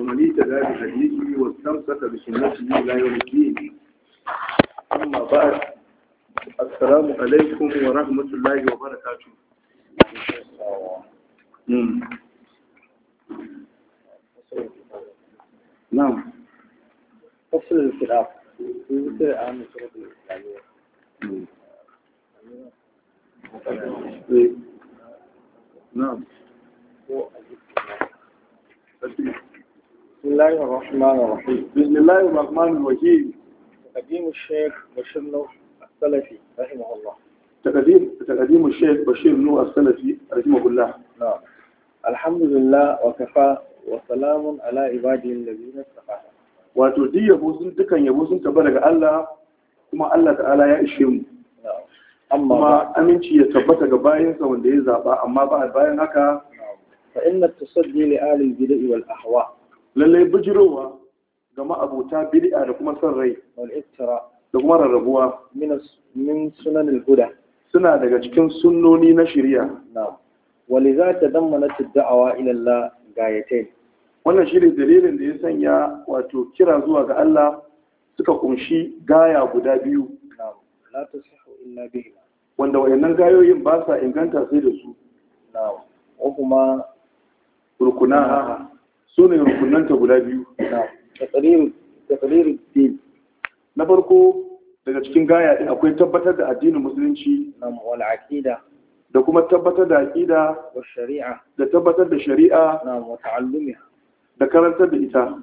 ومن اهتدى بهديه واستمسك بسنته لا يوم الدين اما بعد السلام عليكم ورحمه الله وبركاته نعم, نعم. فصل الكتاب إيه. نعم بسم الله الرحمن الرحيم بسم الله الرحمن الرحيم تقديم الشيخ بشير نوح السلفي رحمه الله تقديم تقديم الشيخ بشير نوح السلفي رحمه الله نعم الحمد لله وكفى وسلام على عباده الذين اصطفى wato duk yabo sun dukan yabo sun tabbata daga Allah kuma Allah ta'ala ya ishe mu amma aminci ya tabbata ga bayansa wanda ya zaba amma ba bayan haka fa inna tasaddi li ahli al-bid'i wal ahwa lallai bijirowa ga ma'abota bid'a da kuma son rai da kuma rarrabuwa min sunan huda suna daga cikin sunnoni na shari'a na'am waliza ta ad-da'wa ila Allah wannan shine dalilin da ya sanya wato kira zuwa ga Allah suka kunshi gaya guda biyu na'am la tasihu illa bihi wanda wayannan gayoyin ba sa inganta sai da su na wa kuma rukunaha su ne rukunanta guda biyu na farko daga cikin gaya din akwai tabbatar da addinin musulunci da kuma tabbatar da aqida da tabbatar da shari'a da karantar da ita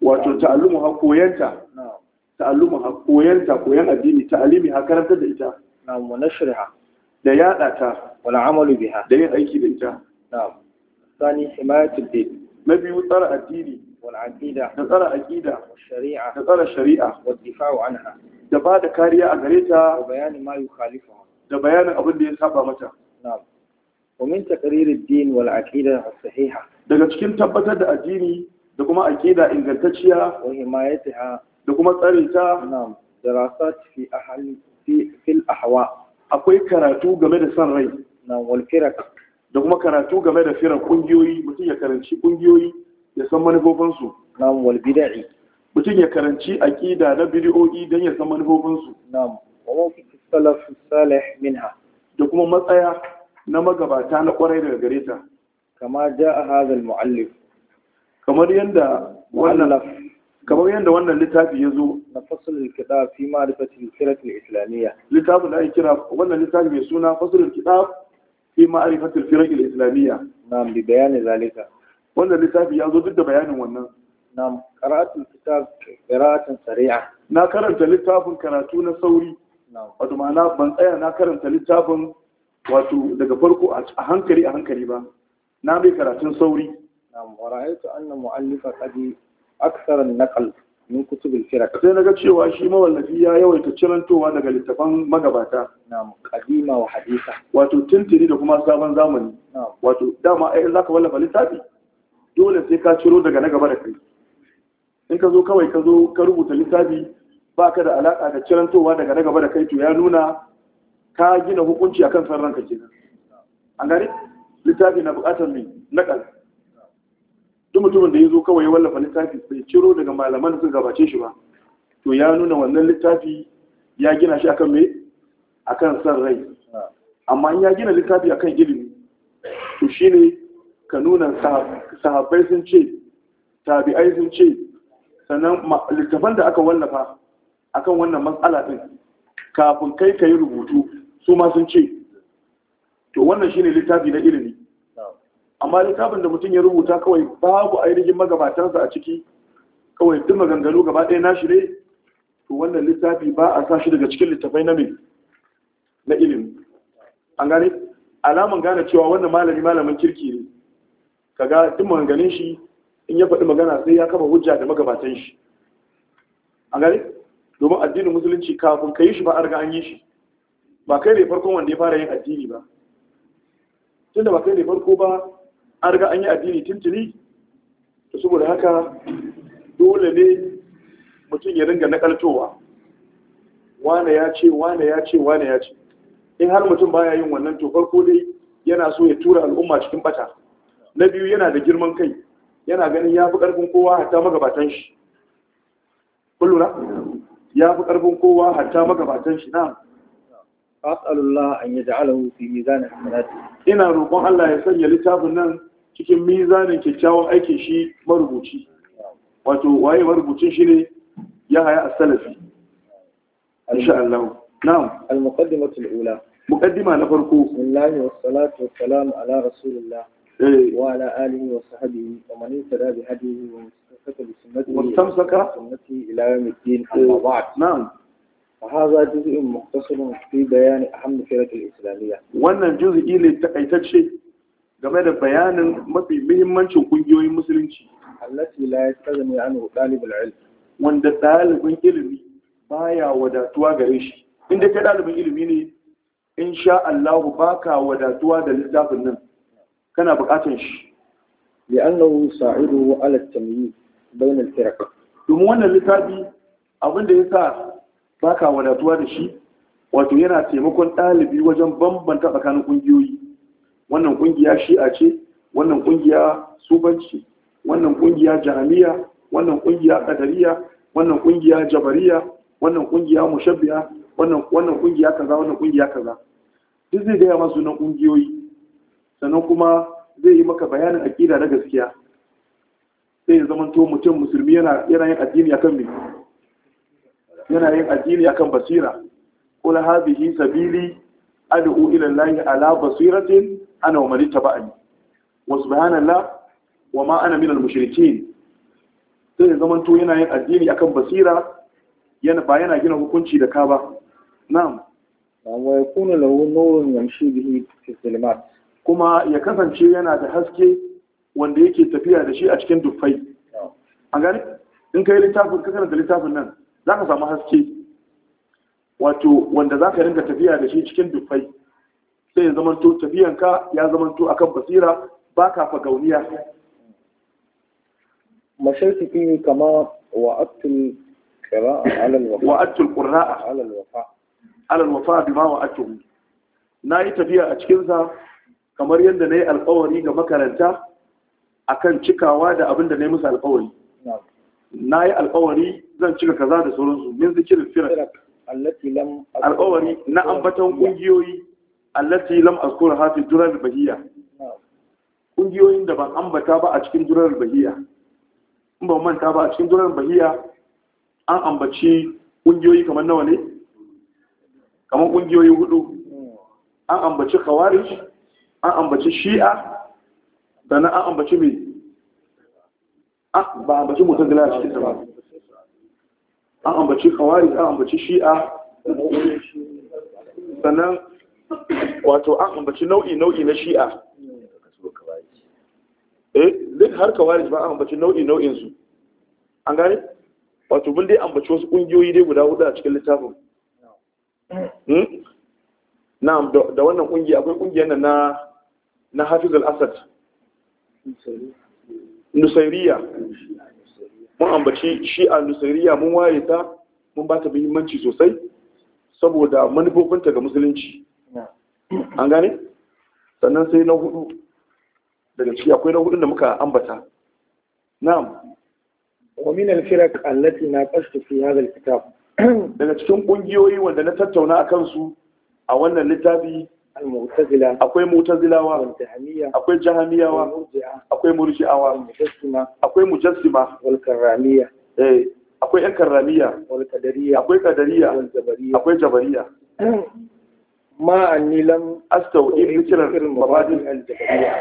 wato ta'allumu ha koyanta ta'allumu ha koyanta koyan addini ta'alimi ha karantar da ita da yada ta da yin aiki da ita الثاني حماية الدين نبي وترى الدين والعقيدة نترى عقيدة والشريعة نترى الشريعة والدفاع عنها دبا كاريا أغريتا وبيان ما يخالفها دبيان أبن دي سابا متى نعم ومن تقرير الدين والعقيدة الصحيحة daga cikin tabbatar da addini da kuma aqida ingantacciya wa himayatiha da kuma tsarin ta na'am darasat fi ahli fi fil ahwa akwai karatu game da san rai na'am wal firaq da kuma karatu game da firar kungiyoyi mutum ya karanci kungiyoyi ya san manufofinsu na'am wal bid'i mutum ya karanci aqida na bid'o'i dan ya san manufofinsu na'am wa mawqif salaf salih minha da kuma matsaya na magabata na kwarai daga gare ta kama jaa hadha al muallif kamar yanda wannan kamar yadda wannan littafi ya zo na fasalin kiɗa fi ma'arifatin kirat islamiyya littafin da ake kira wannan littafi mai suna fasalin kiɗa fi ma'arifatul firq al-islamiyya na'am bi bayani zalika wannan littafi ya zo duk da bayanin wannan na'am na karanta littafin karatu na sauri wato ma'ana ban tsaya na karanta littafin wato daga farko a hankali a hankali ba na mai karatun sauri na'am wa allah mu'allifa qadi akthara an min kutubul firaq sai naga cewa shi mawallafi ya yawaita cirantowa daga littafan magabata na'am qadima wa hadisa wato tuntuni da kuma sabon zamani wato dama ai zaka wallafa littafi dole sai ka ciro daga na gaba da kai in ka zo kawai ka zo ka rubuta littafi baka da alaka da cirantowa daga na gaba da kai to ya nuna ka gina hukunci akan san ranka kenan an gani littafi na bukatar mai nakal duk mutumin da ya zo kawai ya wallafa littafi bai ciro daga malaman da suka gabace shi ba to ya nuna wannan littafi ya gina shi akan me akan san rai amma in ya gina littafi akan ilimi to shine ka nuna sahabbai sun ce tabi'ai sun ce sannan littafan da aka wallafa akan wannan matsala din kafin kai ka yi rubutu su ma sun ce to wannan shine littafi na ilimi amma littafin da mutum ya rubuta kawai babu ainihin magabatansa a ciki kawai duk maganganu gaba ɗaya na shi ne to wannan littafi ba a sa shi daga cikin littafai na mai na ilim an gane alamun gane cewa wannan malami malamin kirki ne kaga duk maganganun shi in ya faɗi magana sai ya kafa hujja da magabatan shi an gane domin addinin musulunci kafin ka yi shi ba a riga an yi shi ba kai ne farkon wanda ya fara yin addini ba tunda ba kai ne farko ba an riga an yi addini tuntuni to saboda haka dole ne mutum ya ringa nakaltowa wane ya ce wane ya ce wane ya ce in har mutum baya yin wannan to farko dai yana so ya tura al'umma cikin bata na biyu yana da girman kai yana ganin ya fi ƙarfin kowa hatta magabatan shi kullura ya fi ƙarfin kowa hatta magabatan shi na'am as'alullah an yaj'alahu fi mizan hasanati ina roƙon Allah ya sanya littafin nan cikin mizanin kyakkyawan aikin shi marubuci wato waye marubucin shi ne ya haya as-salafi insha Allah na'am al-muqaddimatu al-ula muqaddima na farko bismillahir wassalatu wassalamu ala rasulillah eh. wa ala alihi wa sahbihi wa man ittaba bi hadihi wa istaqata bi sunnatihi wa istamsaka sunnatihi ila yawm الدين amma eh. ba'd na'am وهذا جزء مختصر bayani بيان أهم الفرق الإسلامية wannan juz'i ne takaitacce game da bayanin mafi muhimmancin ƙungiyoyin musulunci allati la yastazmi anhu talib al-ilm wanda dalibin ilimi baya wadatuwa gare shi inda kai ɗalibin ilimi ne in insha Allah baka wadatuwa da littafin nan kana bukatun shi li'annahu sa'idu ala at-tamyiz bayna al-firq domin wannan littafi abinda yasa ba ka wadatuwa da shi wato yana taimakon ɗalibi wajen bambanta tsakanin ƙungiyoyi wannan ƙungiya shi'a ce wannan ƙungiya subanci wannan ƙungiya jami'a wannan ƙungiya ƙadariya wannan ƙungiya jabariya wannan ƙungiya mushabbiya wannan ƙungiya kaza wannan ƙungiya kaza duk zai gaya masu sunan ƙungiyoyi sannan kuma zai yi maka bayanin aƙida na gaskiya sai ya zamanto mutum musulmi yana yin addini akan me yana yin addini akan basira qul hadhihi sabili ad'u ila allahi ala basiratin ana wa man ba'ani, wa subhanallah wa ma ana minal sai ya zamanto yana yin addini akan basira yana ba yana gina hukunci da ka ba na'am wa yakunu lahu nurun yamshi bihi fi zulumat kuma ya kasance yana da haske wanda yake tafiya da shi a cikin dufai an gani in kai littafin ka karanta littafin nan za ka samu haske wato wanda za ka ringa tafiya da shi cikin dufai sai ya zamanto tafiyanka ya zamanto akan basira ba ka fagauniya masharti fi kama wa qira'a ala al-wafa wa'attul qira'a ala al-wafa ala al-wafa bima Na yi tafiya a cikinsa kamar yadda na yi alƙawari ga makaranta akan cikawa da abin da na yi musu alƙawari yi alƙawari zan cika kaza da sauransu min zikirin firar alƙawari na ambaton kungiyoyi allati lam azkur hafi durar bahiya Kungiyoyin da ban ambata ba a cikin durar bahiya in ban manta ba a cikin durar bahiya an ambaci kungiyoyi kamar nawa ne kamar kungiyoyi hudu hmm. an ambaci khawarij an ambaci shi'a sannan an ambaci mai ah, ba ambaci mutum da cikin ba an ambaci kawari an ambaci shi'a sannan wato an ambaci nau'i nau'i na shi'a eh duk har kawari ba an ambaci nau'i nau'in su an gane wato mun dai ambaci wasu kungiyoyi dai guda huɗu a cikin littafin hmm? na da wannan kungiya akwai kungiyar nan na na hafizul asad Nusairiya mun ambaci shi a nusariya mun waye ta mun ba ta muhimmanci sosai saboda manufofinta ga musulunci an gane sannan sai na hudu daga ciki akwai na hudun da muka ambata na'am ومن na التي ناقشت في هذا الكتاب daga cikin kungiyoyi wanda na tattauna akan su a wannan littafi akwai mutazilawa akwai jahamiyawa akwai murji'awa akwai mujassima eh, akwai yan karramiya akwai kadariya akwai jabariya ma anni lam astawib zikran mabadin al-jabariya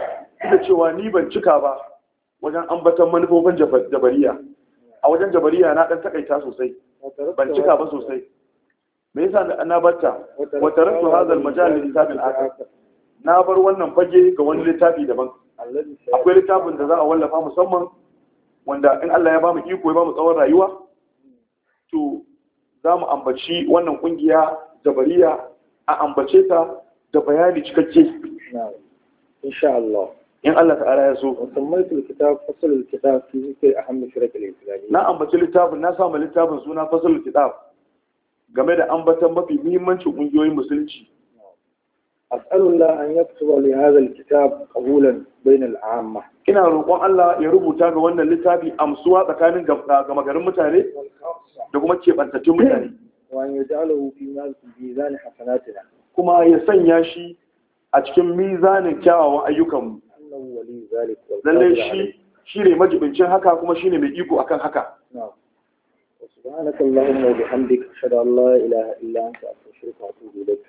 ina cewa ni ban cika ba wajen ambatan manufofin jabariya a wajen jabariya na dan takaita sosai ban cika ba sosai me yasa na barta wa taraktu hadha al-majal li kitabin akhar na bar wannan fage ga wani littafi daban akwai littafin da za a wallafa musamman wanda in Allah ya bamu iko ya bamu tsawon rayuwa to za mu ambaci wannan kungiya jabariya a ambace ta da bayani cikakke insha Allah in Allah ta'ala ya so sammaitu kitab fasal kitab fi zikr aham firq al-islamiyya na ambaci littafin na sa littafin suna fasal kitab game da ambatan mafi muhimmancin ƙungiyoyin musulunci as'alullah an yaktuba li hadha alkitab qabulan bain Amma. ina roƙon Allah ya rubuta ga wannan littafi amsuwa tsakanin gamagarin garin mutane da kuma kebantattun mutane wa an yaj'alahu fi mizan hasanatina kuma ya sanya shi a cikin mizanin kyawawan ayyukanmu lallai shi shi ne majibincin haka kuma shi ne mai iko akan haka سبحانك اللهم وبحمدك أشهد أن لا إله إلا أنت أستغفرك وأتوب إليك.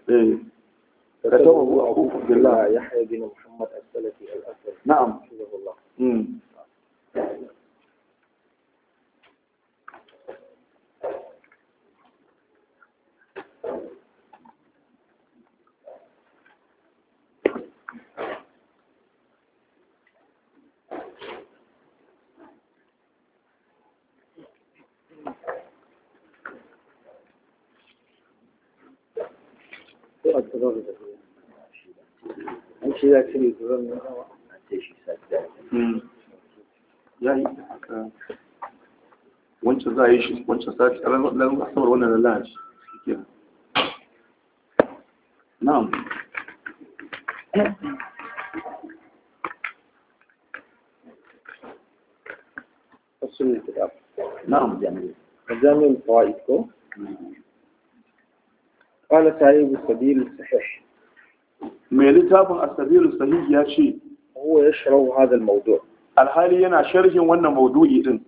كتبه أبو عبد الله يحيى بن محمد السلفي الأسد. نعم. حفظه الله. a duron da an ce ya cire ne na hawa a shi wancan za a yi shi wancan sati a ranar asabar wannan na lahadi shi na'am السنة نعم جميل جميل فوائدكم قال صاحب السبيل الصحيح mai littafin asabiru sahih ya ce huwa ya shirahu hadal maudu alhali yana sharhin wannan maudu'i din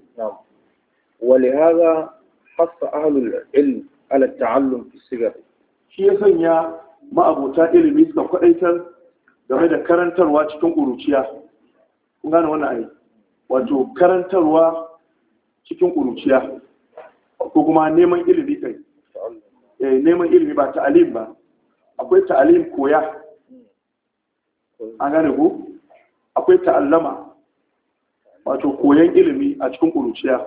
wali haza hasa ahlul ilm ala ta'allum fi sigar shi ya sanya ma'abota ilimi suka kwadaitar game da karantarwa cikin ƙuruciya kun gane cikin ƙuruciya ko kuma neman ilimi kai Eh, neman ilimi ba ta'alim ba akwai ta'alim koya an gane ku akwai ta'allama wato koyan ilimi a cikin ƙuruciya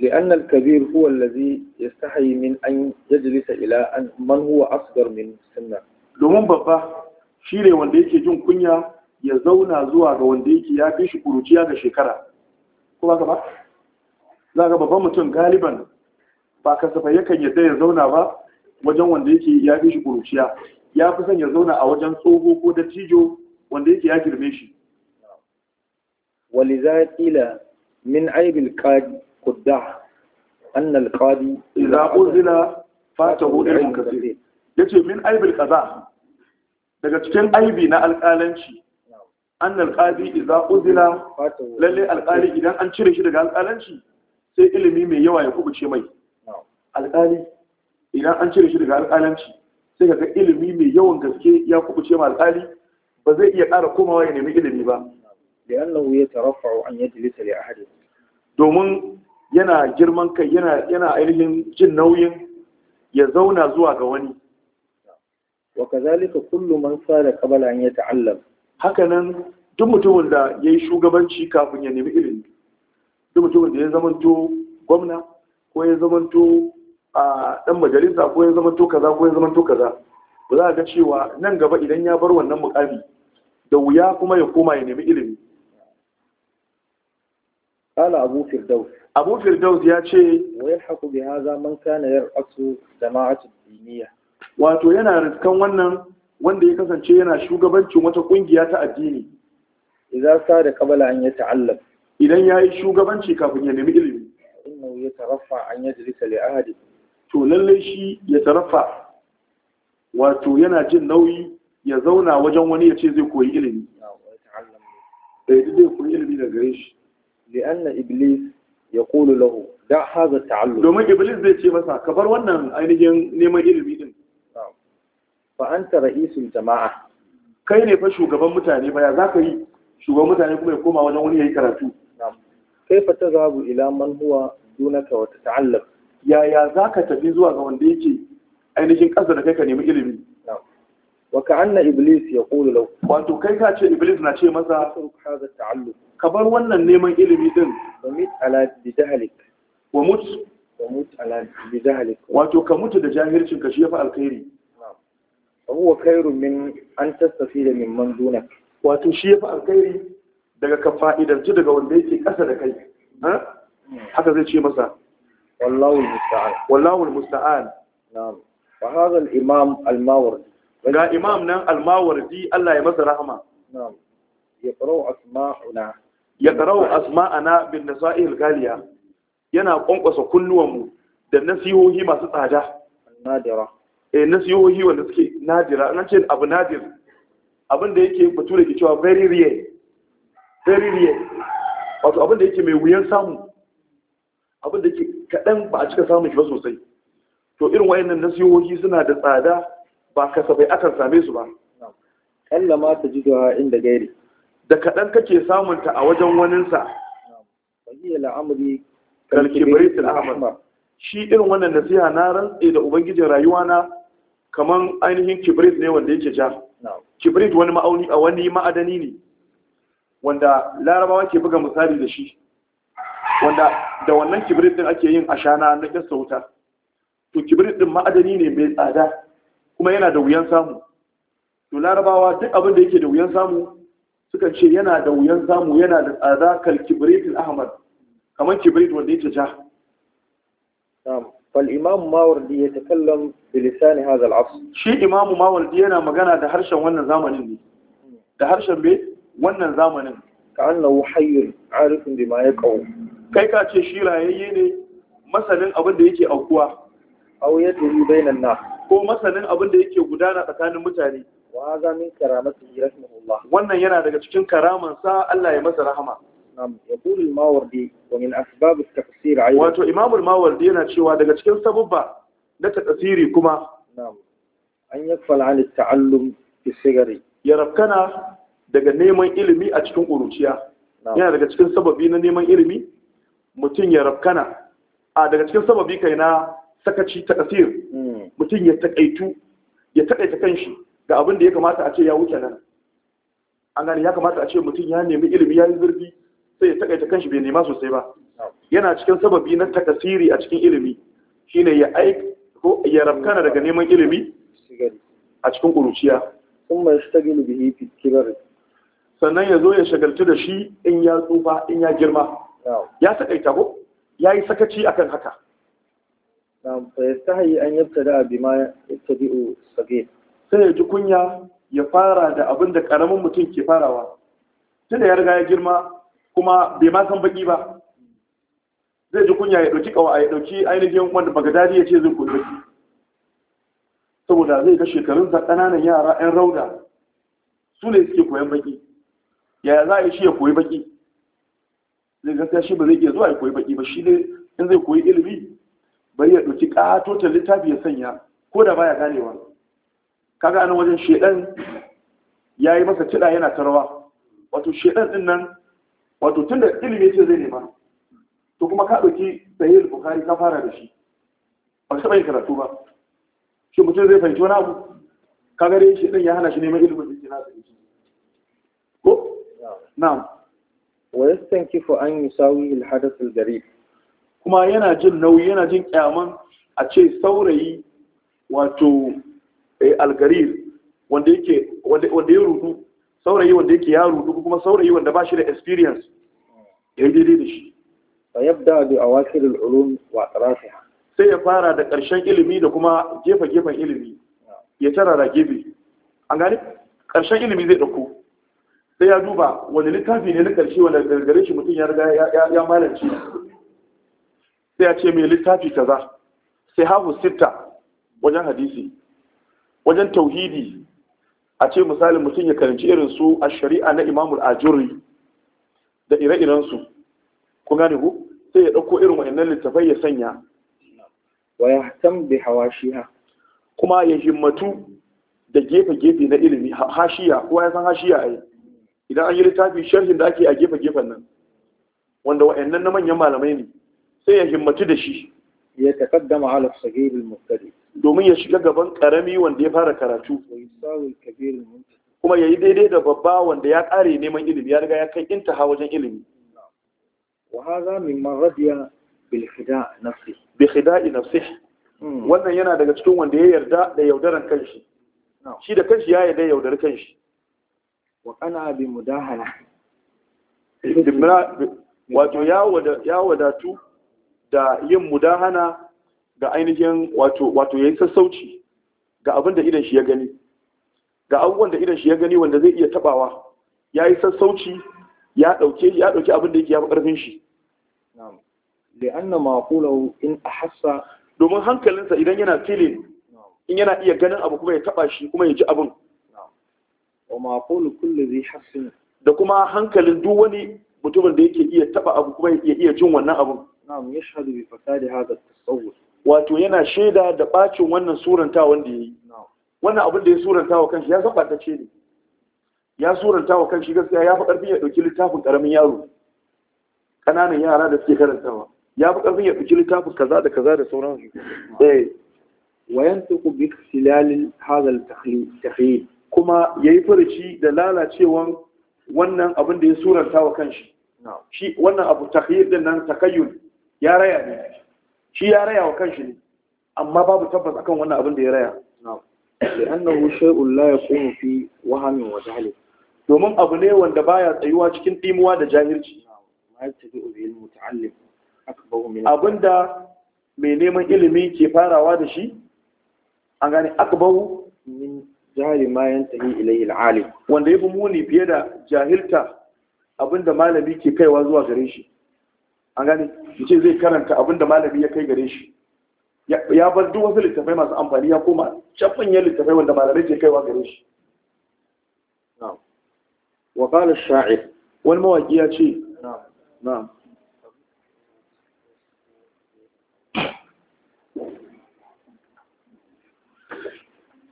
لأن الكبير هو الذي يستحي من أن يجلس إلى أن من هو أصغر min سنة domin babba shi ne wanda yake jin kunya ya zauna zuwa ga wanda yake ya fi shi kuruciya da shekara ko ba ka ba za ga babban mutum galiban ba kasafai yakan yadda ya zauna ba wajen wanda yake ya fi shi kuruciya ya fi son ya zauna a wajen tsoho ko dattijo wanda yake ya girme shi za ولذا min من عيب القاضي قدع أن القاضي fata hudu فاته علم Ya yace min aibil kaza daga cikin aibi na alƙalanci an alƙali idza uzila lalle alƙali idan an cire shi daga alƙalanci sai ilimi mai yawa ya kubuce mai alƙali idan an cire shi daga alƙalanci sai ka ga ilimi mai yawan gaske ya kubuce ma alƙali ba zai iya ƙara komawa ya nemi ilimi ba li'annahu yatarafa'u an yi yajlisa li ahadi domin yana girman kai yana ainihin jin nauyin ya zauna zuwa ga wani wa kazalika kullu man sala qabla an yata'allam hakanan duk mutumin da yayi shugabanci kafin ya nemi ilimi duk mutumin da ya zamanto gwamna ko ya zamanto a ɗan majalisa ko ya zama to kaza ko ya zama kaza ba za a ga cewa nan gaba idan ya bar wannan mukami da wuya kuma ya koma ya nemi ilimi qala abu firdaus abu firdaus ya ce Wai haku bi hadha man kana yar'asu jama'atu duniya. wato yana riskan wannan wanda ya kasance yana shugabancin wata kungiya ta addini idan sa da kabala an ya ta'allam idan yayi shugabanci kafin ya nemi ilimi innahu yataraffa an yajlisa li ahadi to lallai shi ya tarafa wato yana jin nauyi ya zauna wajen wani ya ce zai koyi ilimi eh, zai koyi ilimi da gare shi na iblis ya kolo lahu ta'allu domin iblis zai ce masa ka bar wannan ainihin neman ilimi din fa ta ra'isul jama'a kai ne fa shugaban mutane ba ya ka yi shugaban mutane kuma ya koma wajen wani ya yi karatu Kaifata zabu ila man huwa dunaka wa tata'allaf yaya za ka tafi zuwa ga wanda yake ainihin ƙasa da kai ka nemi ilimi wa ka iblis ya qulu lau wato kai ka ce iblis na ce masa ka bar wannan neman ilimi din wa mut ala bidahlik wa mut wa mut ala wato ka mutu da jahilcin ka shi yafi alkhairi wa huwa min an tastafida min man dunak wato shi yafi alkhairi daga ka fa'idarci daga wanda yake ƙasa da kai hmm. haka zai ce masa wallahu musta'an wallahu musta'an na'am fa hadha imam al-mawardi ga imam nan al-mawardi Allah ya masa rahama na'am ya qara'u asma'una galiya yana kwankwasa kunnuwanmu da nasihohi masu tsada nadira eh nasihohi wanda suke nadira an ce abu nadir abin da yake da ke cewa very rare very rare wato abin da yake mai wuyan samu abin da yake kaɗan ba a cika samun shi ba sosai to irin wayannan nasihohi suna da tsada ba kasafai akan same su ba kalla ma ta ji da inda gairi da kaɗan kake samunta a wajen waninsa wahiyya la'amari kalkibaitul ahmar shi irin wannan nasiha na rantse da ubangijin rayuwa na kaman ainihin kibrit ne wanda yake ja kibrit wani ma'auni a wani ma'adani ne wanda larabawa ke buga misali da shi wanda da wannan kibrit din ake yin ashana na gasa wuta to kibrit din ma'adani ne mai tsada kuma yana da wuyan samu to larabawa duk abin da yake da wuyan samu sukan ce yana da wuyan samu yana da tsada kal kibritin ahmad kamar kibrit wanda yake ja takallam bi lisani بلسان al asr shi imam mawardi yana magana da harshen wannan zamanin ne da harshen be wannan zamanin ka annahu hayyun arifin ma ya kawo kai ka ce shi rayayye ne masanin abin da yake aukuwa aw bai bainan na. ko masanin abin da yake gudana tsakanin mutane wa hadha min karamatihi rahimahullah wannan yana daga cikin karaman sa Allah ya masa rahama na'am yaqulu al-mawardi wa min asbab tafsir wato imamul mawardi yana cewa daga cikin sababba na tafsiri kuma na'am an yakfal an taallum fi sigari ya rabkana daga neman ilimi a cikin ƙuruciya yana daga cikin sababi na neman ilimi mutum ya rafkana a daga cikin sababi kai na sakaci ta kasir hmm. mutum ya takaitu ya takaita kanshi ga abin da ya kamata a ce ya wuce nan an gane ya kamata a ce mutum ya nemi ilimi ya yi zurfi sai ya takaita kanshi bai nema sosai ba yana cikin sababi na takasiri a cikin ilimi shine ya aik ko ya rafkana daga neman ilimi a cikin ƙuruciya sun mai shi ta gini bihi fikirar sannan ya zo ya shagaltu da shi in ya tsufa in ya girma ya sakaita ko ya yi sakaci akan haka hayi an yabtada bima yattabi'u sage sai ya ji kunya ya fara da abin da karamin mutum ke farawa tunda ya riga ya girma kuma bai ma san baki ba zai ji kunya ya dauki kawai ya dauki ainihin wanda bagadadi ya ce zai koyi saboda zai ga shekarun ƙananan yara yan rauda su ne suke koyan baki yaya za a yi shi ya koyi baki zai gaskiya shi ba zai iya zuwa ya koyi baki ba shi ne in zai koyi ilimi bai ya ɗauki ƙatotar littafi ya sanya ko da baya ganewa kaga anan wajen shedan ya yi masa kiɗa yana tarawa wato shedan din nan wato tun da ilimi ce zai nema to kuma ka ɗauki sahihul bukhari ka fara da shi ba ka taɓa yin karatu ba shi mutum zai fahimci wani abu kaga dai shedan ya hana shi neman ilimin da yake na na'am wa yastankifu an yusawi al hadath al kuma yana jin nauyi yana jin kyaman a ce saurayi wato eh, algarir wanda ya rudu saurayi wanda yake ya rudu kuma saurayi wanda ba shi da experience ya daidai da shi fa yabda bi awakir al ulum wa atrafiha sai ya fara da ƙarshen ilimi da kuma gefe-gefen ilimi ya tara da gefe an gani ƙarshen ilimi zai ɗauko sai ya duba wani littafi ne na ƙarshe wanda gargare shi mutum ya riga ya malance sai ya ce mai littafi kaza sai hafu sitta wajen hadisi wajen tauhidi a ce misalin mutum ya karanci irin su a shari'a na imamul ajuri da ire-irensu ku gane ku sai ya ɗauko irin wa'annan littafai ya sanya wa ya san bi hawashiha kuma ya himmatu da gefe-gefe na ilimi hashiya kowa ya san hashiya yi idan an yi littafi sharhin da ake a gefe-gefen nan wanda wa'annan na manyan malamai ne sai ya himmatu da shi ya takaddama ala sagir al domin ya shiga gaban karami wanda ya fara karatu kuma yayi daidai da babba wanda ya kare neman ilimi ya riga ya kai intaha wajen ilimi wa hadha min maradiya bil khida' nafsi bi khida'i nafsi hmm. wannan yana daga cikin wanda ya yarda da yaudaran kanshi shi da kanshi ya yarda yaudar kanshi wa kana bi mudahala wato ya wadatu da yin mudahana ga ainihin wato wato yayi sassauci ga abin da idan shi ya gani ga abubuwan da idan shi ya gani wanda zai iya tabawa yayi sassauci ya dauke ya dauki abin da yake ya karfin shi na'am li'anna maqulahu in ahassa domin hankalinsa idan yana filin in yana iya ganin abu kuma ya taba shi kuma ya ji abin wa maqulu kulli zai hassin da kuma hankalin duk wani mutumin da yake iya taba abu kuma ya iya jin wannan abu na'am yashhadu bi fasadi hadha at-tasawwur wato yana shaida da bacin wannan suranta wanda yayi wannan abin da ya suranta wa kanshi ya san batacce ne ya suranta wa kanshi gaskiya ya fi karfi ya dauki littafin karamin yaro ƙananan yara da suke karantawa ya fi ƙarfin ya ɗauki littafin kaza da kaza da sauransu eh wayan ku bi silalin hadal takhlid kuma ya yi furici da lalacewan wannan abin da ya suranta wa kanshi shi wannan abu takhir din nan takayyul ya raya ne shi ya raya wa kanshi ne amma babu tabbas akan wannan abin da ya raya لأنه شيء لا يقوم في وهم وجهل domin abu ne wanda baya tsayuwa cikin dimuwa da jahilci abinda mai neman ilimi ke farawa da shi an gane akbahu jahili ma yantahi ilayhi al-alim wanda yafi muni fiye da jahilta abinda malami ke kaiwa zuwa gare shi an gane yace zai karanta abinda malami ya kai gare shi ya bar duk wasu littafai masu amfani ya koma cafin ya littafai wanda malami ke kaiwa gare shi wa qala ash-sha'ir wani mawaki ya ce na'am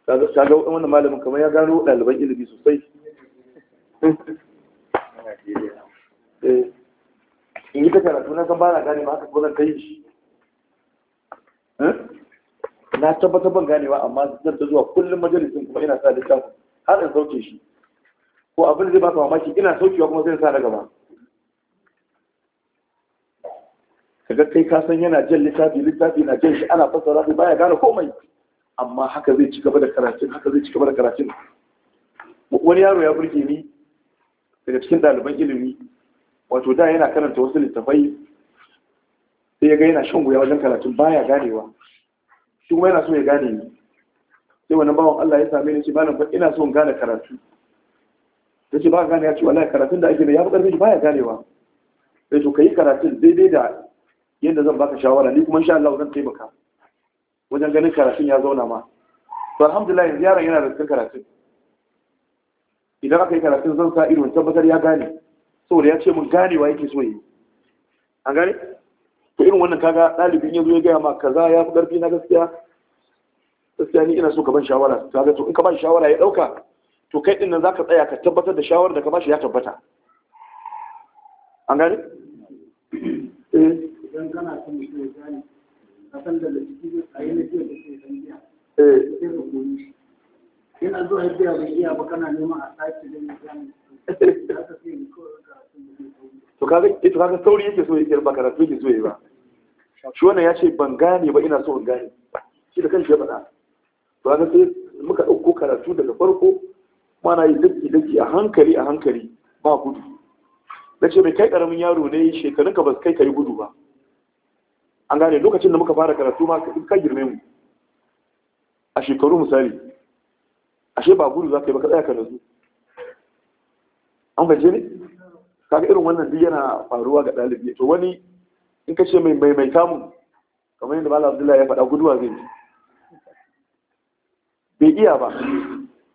kaga wannan malamin kamar ya gano ɗaliban ilimi sosai eh, in yi ta karatu na san ba na gane ma haka ko zan kai shi eh? na tabbatar ban ganewa amma zan ta zuwa kullum majalisin kuma ina sa littafin har in sauke shi ko abin da zai baka mamaki ina saukewa kuma zai sa na gaba kaga kai ka san yana jan littafi littafi na jan shi ana fassara shi baya gane komai amma haka zai ci gaba da karatun haka zai ci gaba da karatun wani yaro ya burge ni daga cikin ɗaliban ilimi wato da yana karanta wasu littafai sai ya ga yana shan wuya wajen karatun baya ganewa shi kuma yana so ya gane ni sai wani bawan Allah ya same ni ce malam ina so in gane karatu ta ce ba gane ya ce wallahi karatun da ake da ya fi karfi baya ganewa sai to kai karatun daidai da yadda zan baka shawara ni kuma insha Allah zan taimaka wajen ganin karatun ya zauna ma to alhamdulillah yanzu yaron yana da cikin karatun idan aka yi karatun zan sa irin tabbatar ya gane saboda ya ce mun wa yake so yi an gane to irin wannan kaga ɗalibin ya zo ya gaya ma kaza ya fi ƙarfi na gaskiya gaskiya ni ina so ka ban shawara kaga to in ka ba shawara ya ɗauka to kai ɗin nan za ka tsaya ka tabbatar da shawarar da ka ba shi ya tabbata an gane? Eh. idan kana son mutum ya gane kasan da ciki a yi na jiya da ke san jiya eh. sai ka koyi shi a zuwa ya bai iya ba kana neman a sake da kawai ya gane to kaga ita eh, kaga sauri yake so yake ba karatu yake so yayi ba shi wannan ya ce ban gane ba ina so in gane shi da kanshi ya faɗa to kaga sai muka ɗauko karatu daga farko mana yi daki daki a hankali a hankali ba gudu na ce mai kai ƙaramin yaro ne shekarunka ba su kai ka yi gudu ba an gane lokacin da muka fara karatu ma ka girme mu a shekaru misali ashe ba gudu za ka yi ba ka tsaya ka nazo an fahimce ne kaga irin wannan duk yana faruwa ga ɗalibi to wani in ka ce mai maimaita mu kamar yadda malam abdullahi ya faɗa guduwa zai yi bai iya ba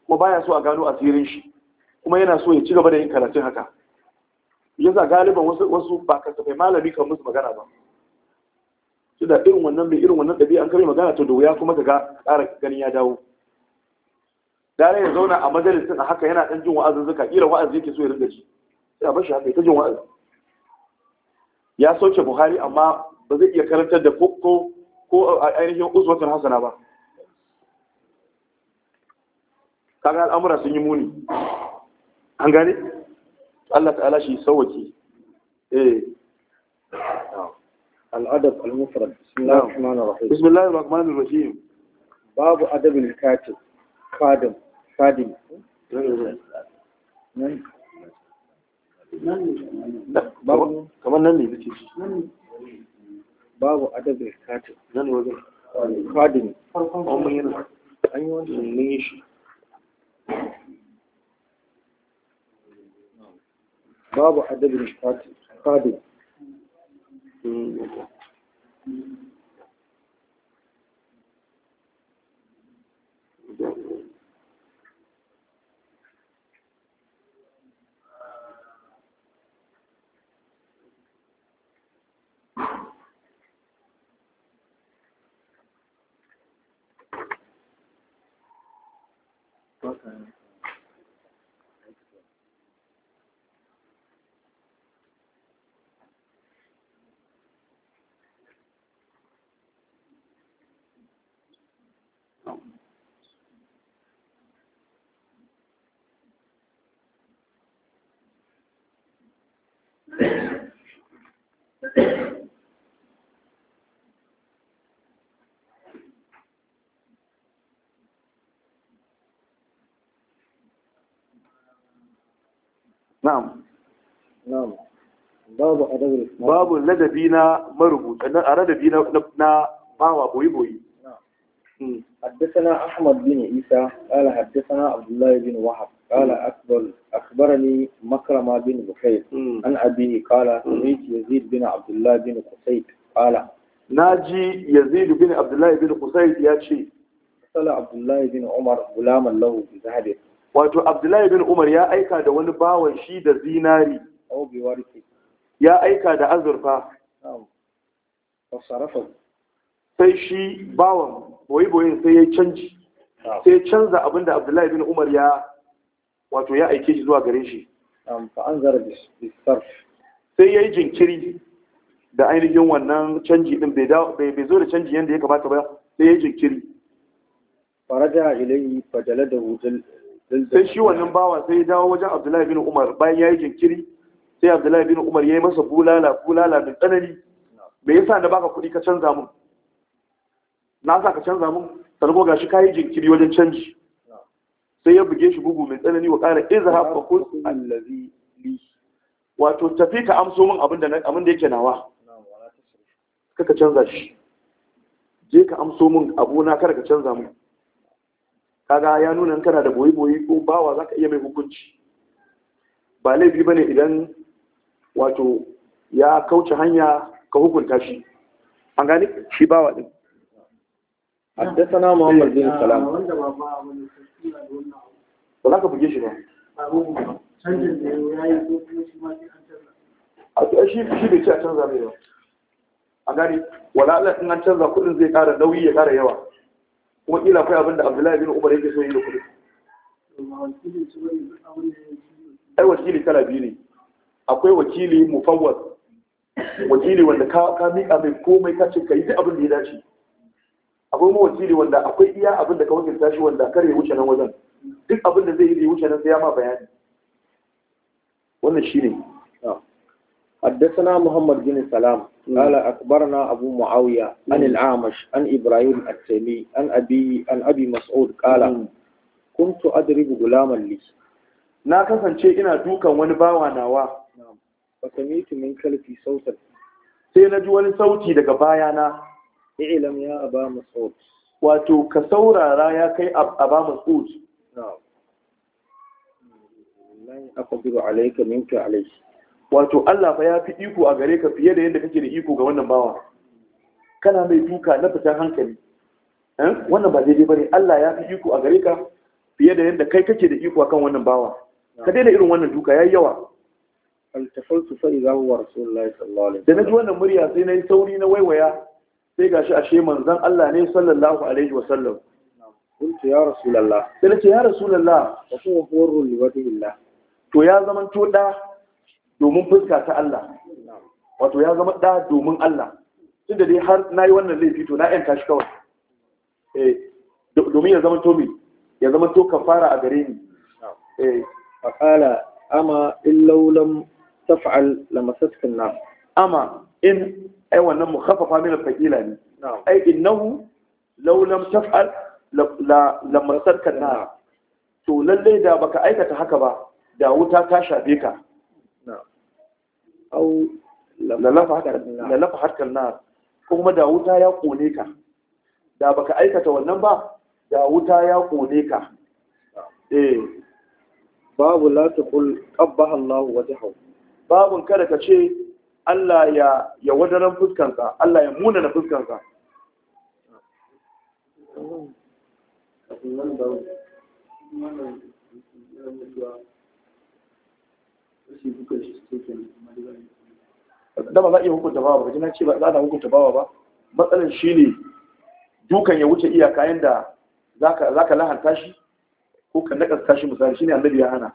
kuma baya so a gano asirin shi kuma yana so ya ci gaba da yin karatun haka yasa galiban wasu ba kasafai malami kan musu magana ba da irin wannan mai irin wannan ɗabi'a an kare magana to doya kuma ka ga ƙara ya dawo dare ya zauna a majalisin a haka yana ɗan jin wa'azin zaka ƙira wa'azi yake so ya rinda ji ya bar bashi haka ya jin wa'azi ya soke buhari amma ba zai iya karantar da ko ko ainihin uswatun hasana ba kaga al'amura sun yi muni an gane Allah ta'ala shi sauwaki eh الأدب المفرد بسم الله نعم. الرحمن الرحيم بسم الله الرحمن الرحيم باب أدب الكاتب خادم خادم نعم. كمان نني باب أدب الكاتب خادم أمين أيوة نيش باب أدب الكاتب خادم 嗯，嗯，嗯，啊，刚才。na'am na'am babu adabi babu ladabi na marubuta na ladabi na na bawa boyi boyi حدثنا أحمد بن عيسى قال حدثنا عبد الله بن وهب قال أكبر أخبرني مكرمة بن بحير عن أبيه قال سمعت يزيد بن عبد الله بن قسيد قال ناجي يزيد بن عبد الله بن قسيد يا شيء قال عبد الله بن عمر غلاما له بزهده wato abdullahi bin umar ya aika da wani bawan shi da zinari ya aika da azurfa sai shi bawan boye-boyen sai ya canji sai canza abin da abdullahi bin umar ya wato ya aike shi zuwa gare shi sai ya yi jinkiri da ainihin wannan canji din bai zo da canji yadda ya kamata ba sai ya yi jinkiri faraja da fajaladahu sai shi wannan bawa sai ya dawo wajen abdullahi bin umar bayan ya yi jinkiri sai abdullahi bin umar ya yi masa bulala bulala mai tsanani me yasa na baka kuɗi ka canza mun na sa ka canza mun sannan kuma gashi kayi jinkiri wajen canji sai ya buge shi bugu mai tsanani wa ƙara izhab fa ko allazi li wato tafi ka amso min abin da yake nawa kaka canza shi je ka amso min na kada ka canza mun kaga ya nuna kana da boye-boye ko bawa za ka iya mai hukunci ba laifi ba ne idan wato ya kauce hanya ka hukunta shi an gani shi bawa din haddasana muhammad bin salam ba za ka buge shi ba a shi bai ce a canza mai ba a gani wala in an canza kudin zai kara nauyi ya kara yawa wakila kila akwai abin da abdullahi bin umar yake so yi da kuɗi ai wakili kala biyu ne akwai wakili mufawwad wakili wanda ka ka miƙa mai komai ka ce kai yi duk abin da ya dace akwai kuma wakili wanda akwai iya abin da ka wakilta shi wanda kar ya wuce nan wajen duk abin da zai yi wuce nan sai ya ma bayani wannan shine حدثنا محمد بن سلام قال أخبرنا أبو معاوية عن الأعمش عن إبراهيم التيمي عن أبي عن أبي مسعود قال كنت أضرب غلاما لي na kasance ina dukan wani bawa nawa fa samitu min kalfi sautan sai na ji wani sauti daga bayana i'lam ya aba mas'ud wato ka saurara ya kai aba mas'ud na'am lan aqdiru alayka minka alayhi wato Allah fa ya fi iko a gare ka fiye da yadda kake da iko ga wannan bawa kana mai duka na fitan hankali eh? wannan ba daidai bane Allah ya fi iko a gare ka fiye da yadda kai kake da iko akan wannan bawa ka daina irin wannan duka yayi yawa altafaltu fa idan huwa rasulullahi sallallahu alaihi wasallam da naji wannan murya sai nayi sauri na waiwaya sai gashi ashe manzon Allah ne sallallahu alaihi wasallam قلت ya rasulullah sai قلت ya rasulullah wa وهو بر لوجه to ya zaman to da domin fuska ta Allah wato ya zama ɗa domin Allah Tunda dai har na yi wannan laifi to na ‘yanta shi kawai eh, domin ya zama to mi ya zama to kafara a gare ni eh. a ƙala ama in laulam taf'al lamasatkan na ama in ai wannan mu kafafa mina fakila ne ai innahu laulam taf'al la lamasatkan na to lallai da baka aikata haka ba da wuta ta shafe ka au harkar na ko kuma da wuta ya kone ka da baka aikata wannan ba da wuta ya kone ka eh babu la taqul qabbaha Allah wajhahu babun kada ka ce Allah ya ya wadaran fuskanka Allah ya muna na fuskanka Thank you. da ba za a iya hukunta bawa ba na ce ba za a hukunta bawa ba matsalar shi ne dukan ya wuce iyaka yadda za ka lahanta shi ko ka nakasta shi misali shi ne annabi ya hana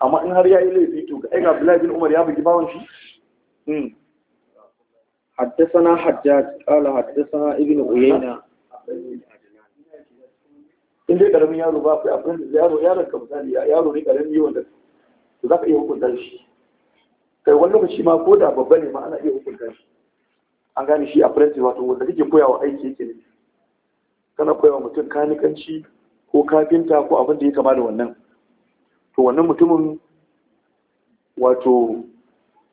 amma in har ya yi laifi to ga aiga bilal bin umar ya bugi bawan shi حدثنا حجاج قال حدثنا ابن عيينة in dai karamin yaro ba kai abin da yaro yaron ka misali yaro ne karamin yawan da to za ka iya hukunta shi kai wani lokaci ma ko da babba ne ma ana iya hukunta shi an gane shi apprentice wato wanda kake koyawa aiki yake ne kana koya wa mutum kanikanci ko kafinta ko abin da ya kama da wannan to wannan mutumin wato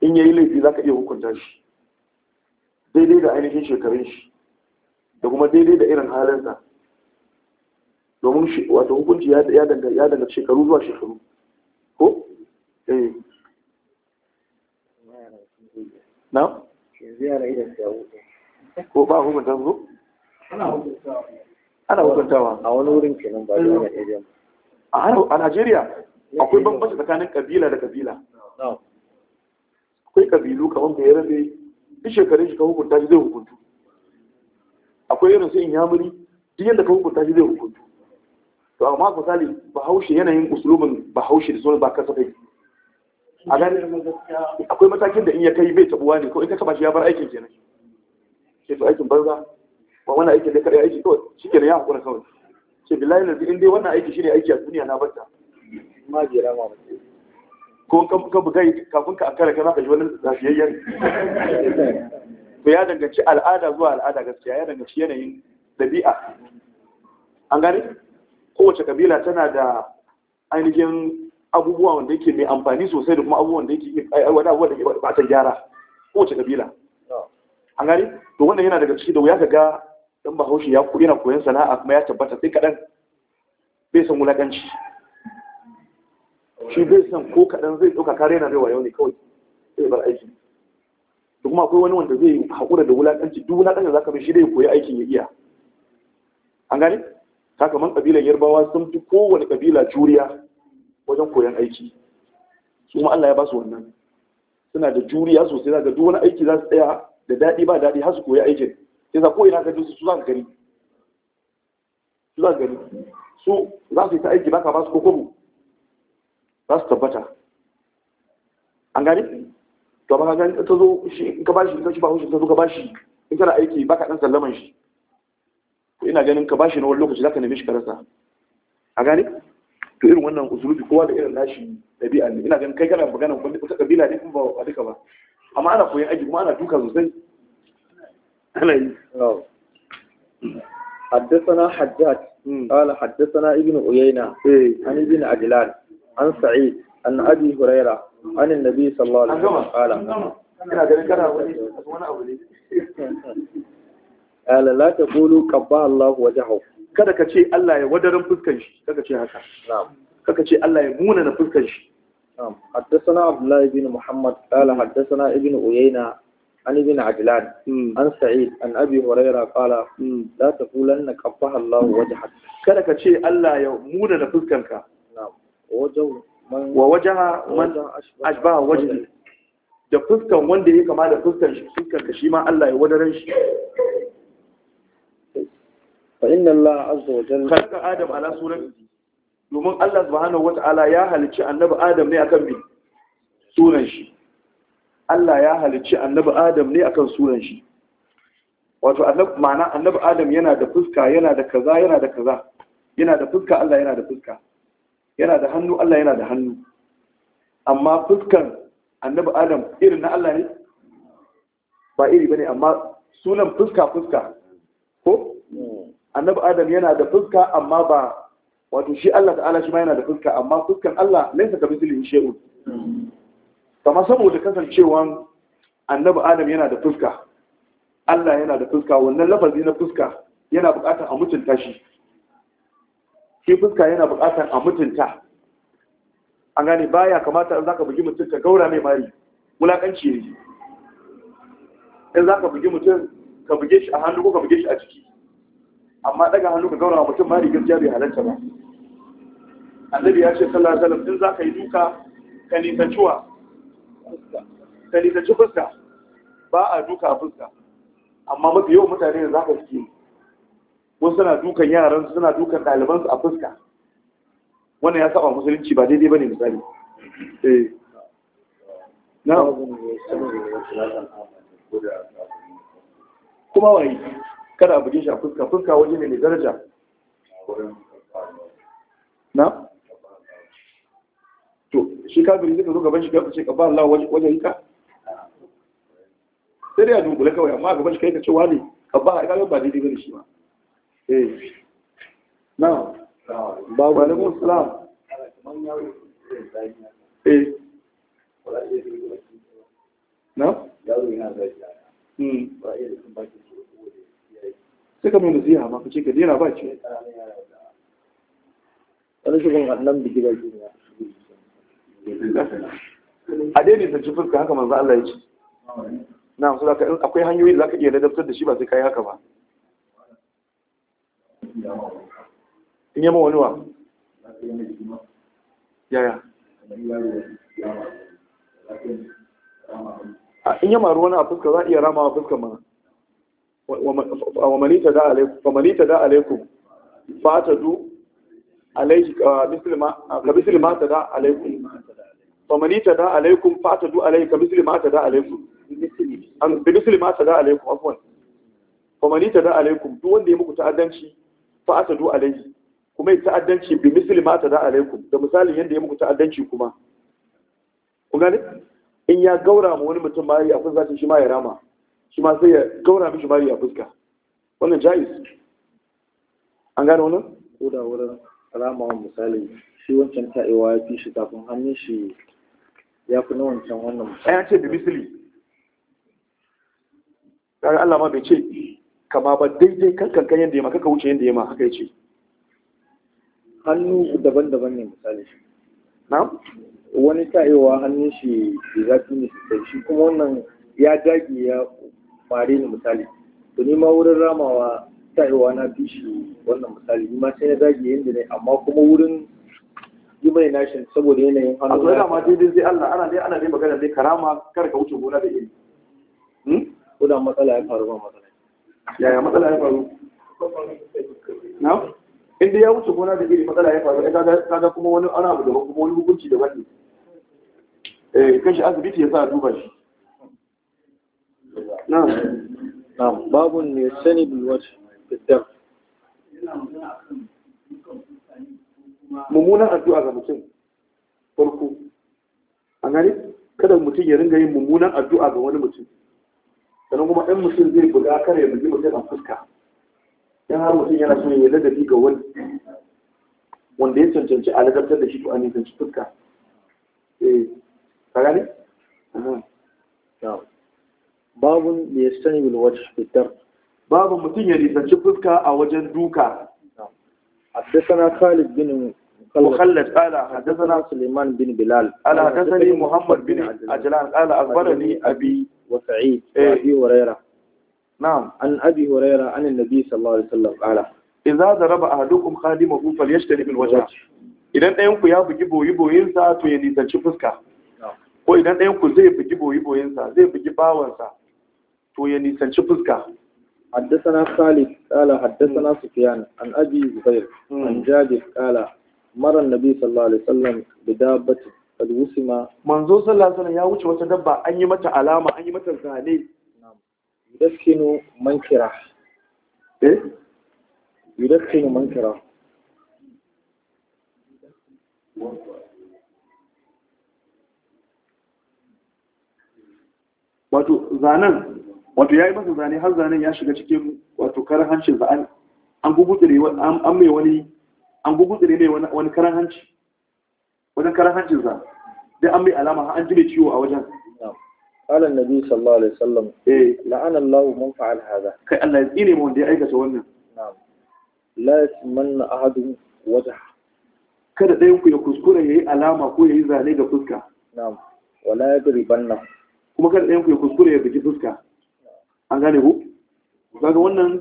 in yayi laifi za ka iya hukunta shi daidai da ainihin shekarun shi da kuma daidai da irin halinsa domin wato hukunci ya danga shekaru zuwa shekaru eh na yanzu ko ba hukunta su ana hukuntawa a wani wurin kenan ba da wani a Najeriya akwai bambanci tsakanin kabila da kabila akwai kabilu kamar bai rabe duk shekarun shi ka hukunta shi zai hukuntu akwai irin su inyamuri duk yadda ka hukunta shi zai hukuntu to amma misali bahaushe yanayin usulubin bahaushe da sunan ba kasafai a gane akwai matakin da in ya kai bai tabuwa ne ko in ka taba shi ya bar aikin kenan ke to aikin banza ba wannan aikin da kare aiki kawai shi kenan ya hakura kawai ce billahi na in dai wannan aiki shine aiki a duniya na barta ma jira ma ko kan ka buga kafin ka akara ka zaka ji wannan lafiyayyen to ya danganci al'ada zuwa al'ada gaskiya ya danganci yanayin dabi'a an gane kowace kabila tana da ainihin abubuwa wanda yake mai amfani sosai da kuma abubuwan da yake wani abubuwa da ke bata gyara kowace kabila an gani to wannan yana daga ciki da wuya ga dan bahaushe ya yana koyon sana'a kuma ya tabbata sai kaɗan bai san wulaƙanci shi bai san ko kaɗan zai ɗauka kare na rewa yau ne kawai zai bar aiki da kuma akwai wani wanda zai haƙura da wulaƙanci duk wulaƙancin za ka shi dai koyi aikin ya iya an gani sakamakon ƙabilan yarbawa sun fi kowane ƙabila juriya wajen koyon aiki su ma Allah ya ba su wannan suna da juriya sosai za ga duk wani aiki za su tsaya da daɗi ba daɗi har su koyi aikin sai za ko ina ka su za ka gani su za ka gani su za su yi ta aiki baka ba su kokobu za su tabbata an gani to ba ka gani ta zo shi in ka bashi in ka ci ba hushin ta zo ka bashi in kana aiki baka dan sallaman shi ina ganin ka bashi na wani lokaci za ka nemi shi ka rasa a gani to irin wannan usulubi kowa da irin nashi dabi'a ne ina ganin kai kana magana wata kabila ne kuma ba duka ba amma ana koyon aji kuma ana duka sosai ana yi حدثنا حجاج قال حدثنا ابن عيينة عن ابن عجلان عن سعيد عن أبي هريرة عن النبي صلى الله عليه وسلم قال لا تقولوا كبه الله وجهه kada ka ce Allah ya wadaran fuskan shi kada ce haka kaka ce Allah ya muna na fuskan shi حدثنا عبد الله بن محمد قال حدثنا ابن عيينة عن ابن an عن سعيد عن أبي هريرة قال لا تقولن قبح الله kada ka ce Allah ya muna na fuskanka wa wajaha man ashbaha wajhi da fuskan wanda ya kama da fuskan shi fuskan ka shi ma Allah ya wadaran shi فإن الله عز وجل خلق آدم على Adam ala الله domin Allah يا wa ta'ala ya halicci annabi Adam ne akan bin sunan shi Allah ya halicci annabi Adam ne akan sunan shi wato annabi ma'ana annabi Adam yana da fuska yana da kaza yana da kaza yana da fuska Allah yana da fuska yana da hannu Allah yana da hannu amma fuskan annabi Adam irin na Allah ne ba iri bane amma sunan fuska fuska ko annabi adam yana da fuska amma ba wato shi Allah ta'ala shi ma yana da fuska amma fuskan Allah laisa ka bisilin shay'un kuma saboda kasancewan annabi adam yana da fuska Allah yana da fuska wannan lafazi na fuska yana buƙatar a mutunta shi shi fuska yana buƙatar a mutunta an gane baya kamata in zaka bugi mutum ka gaura mai mari wulakanci ne in zaka bugi mutum ka buge shi a hannu ko ka buge shi a ciki? amma daga hannu ka gaurawa mutum mari gaskiya bai halarta ba annabi ya ce sallallahu alaihi wasallam in za ka yi duka ka nisanci ka nisanci fuska ba a duka fuska amma mafi yau mutane za ka suke wasu suna dukan yaran suna dukan ɗalibansu a fuska wannan ya saba musulunci ba daidai ba ne misali eh na kuma waye kada a buge shi a fuska fuska waje ne mai daraja na to shi kafiri zai zo gaban shi gaban ka ba Allah wajen yi ka sai dai a dunkule kawai amma gaban shi kai ka ce wani abba a kawai ba daidai bane shi ma eh na ba wa ne salam eh na yaro yana zai hmm. sai ka mai nasiha ma ka ce ka dena ba ce wani shigun annan bigi da duniya a dai nisan ci fuska haka manzo Allah ya ce na su zaka akwai hanyoyi da zaka iya ladabtar da shi ba sai kai haka ba in yi ma wani wa yaya in yi yamma ruwan a fuska za a iya rama a fuska mana wa manita da alaikum fa da fa ta du alaihi ka misli ma ta da alaikum fa ta da alaikum fa ta du alaihi ka misli ma ta da alaikum bi misli ma ta da alaikum afwan fa manita da alaikum duk wanda ya muku ta'addanci fa ta du alaikum kuma ya ta'addanci bi misli ma ta da alaikum da misalin yanda ya muku ta'addanci kuma ku gane in ya gaura ma wani mutum ma ya kun zata shi ma ya rama shi ma sai ya gaura mishi bari a fuska wannan jais an gane wannan ko da wurin alama misali shi wancan ta'iwa ya fi shi kafin hannun shi ya fi na wancan wannan misali ya ce da misali kaga Allah ma bai ce kama ba daidai kan kankan yadda ya ma kaka wuce yadda ya ma haka ya ce hannu daban-daban ne misali na wani ta'iwa hannun shi da zafi ne sosai shi kuma wannan ya dage ya mare ni misali to ni ma wurin ramawa ta'iwa na fi shi wannan misali ni ma sai na dage yadda ne amma kuma wurin yi mai nashin saboda yanayin hannu na ma, daidai sai Allah ana dai ana dai magana dai karama kar ka wuce gona da ilimi hmm? ko da matsala ya faru ba matsala yaya matsala ya faru na inda ya wuce gona da iri matsala ya faru ka ga kuma wani ana abu daban kuma wani hukunci da wani eh kashi asibiti ya sa duba shi na'am na'am babun ne sani bilwaj mummunan addu'a ga mutum farko an gani kada mutum ya ringa yin mummunan addu'a ga wani mutum sannan kuma ɗan mutum zai buga kare ya bugi mutum a fuska yan har mutum yana so ya ladabi ga wani wanda ya cancanci a ladabtar da shi to a nisanci fuska eh ka gane? babun da ya sani bilwaci fitar babu mutum ya nisanci fuska a wajen duka حدثنا خالد بن مخلد قال حدثنا سليمان بن بلال قال حدثني محمد بن عجلان قال أخبرني أبي وسعيد أبي هريرة نعم عن أبي هريرة عن النبي صلى الله عليه وسلم قال إذا ضرب أحدكم خادمه فليشتري بالوجه idan ɗayan ku ya bugi boyi-boyinsa to ya nisanci fuska ko idan ɗayan ku zai bugi boyi-boyinsa zai bugi bawansa to ya nisanci fuska حدثنا خالد قال حدثنا سفيان عن ابي زهير عن جابر قال مر النبي صلى الله عليه وسلم بدابة قد وسم منزو صلى الله عليه وسلم يا wuce wata dabba an yi mata alama an yi mata zane yudakkinu mankira eh yudakkinu mankira wato zanen wato ya yi masa zane har zanen ya shiga cikin wato karan hancin za an an gugutsire an mai wani an gugutsire mai wani karan hanci wani karan hancin za dai an mai alama an ji mai ciwo a wajen قال النبي صلى الله عليه وسلم إيه لعن الله من فعل هذا كأن الله يزيني من دي أيكة ونن نعم لا يسمن أحد وجه كده دي يمكن يكسكور يهي ألامة كو يهي zane ga فسكا نعم ولا يدري بنا كما كده دي يمكن يكسكور يهي بجي فسكا an gane ku kaga wannan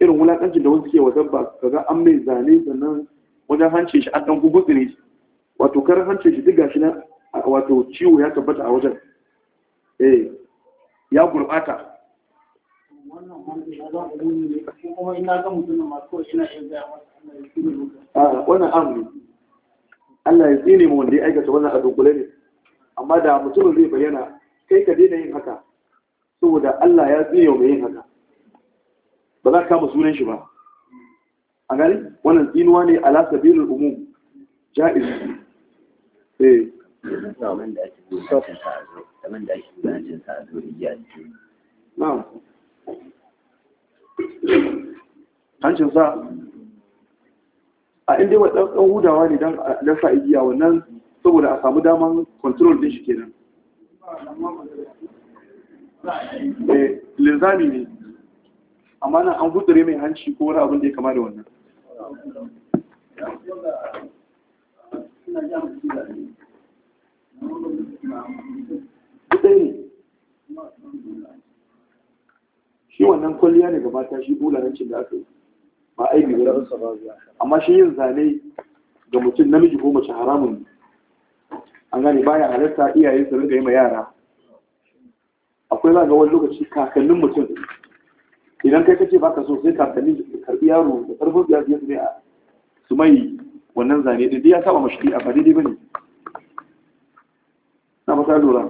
irin wulakancin da wasu ke wa dabba kaga an mai zane sannan wajen hanci shi an dan gugutsire shi wato kar hanci shi duk gashi na wato ciwo ya tabbata a wajen eh ya gurbata wannan amri Allah ya tsine mu wanda ya aikata wannan a dunkule ne amma da mutumin zai bayyana kai ka daina yin haka saboda Allah ya tsaye mai yin haka ba za ka kama sunan shi ba a gani wannan tsinuwa ne a sabilul umum ja'iz eh kamar da ake gudancin sa hancin sa a inda wa ɗan hudawa ne don sa igiya wannan saboda a samu daman kontrol din shi kenan Eh, linzami ne amma nan an gudure mai hanci ko wani abin da ya kama da wannan shi wannan kwalliya ne gaba ta shi bularancin da aka yi ba aibi ba amma shi yin zane ga mutum namiji ko mace haramun an gane baya halarta iyayen su rinka yi ma yara akwai ba ga wani lokaci kakannin mutum idan kai kace baka so sai kakannin da karbi yaro da karfin biya biya su ne a su mai wannan zane din ya saba mashi a ba ne. bane na ba ta lura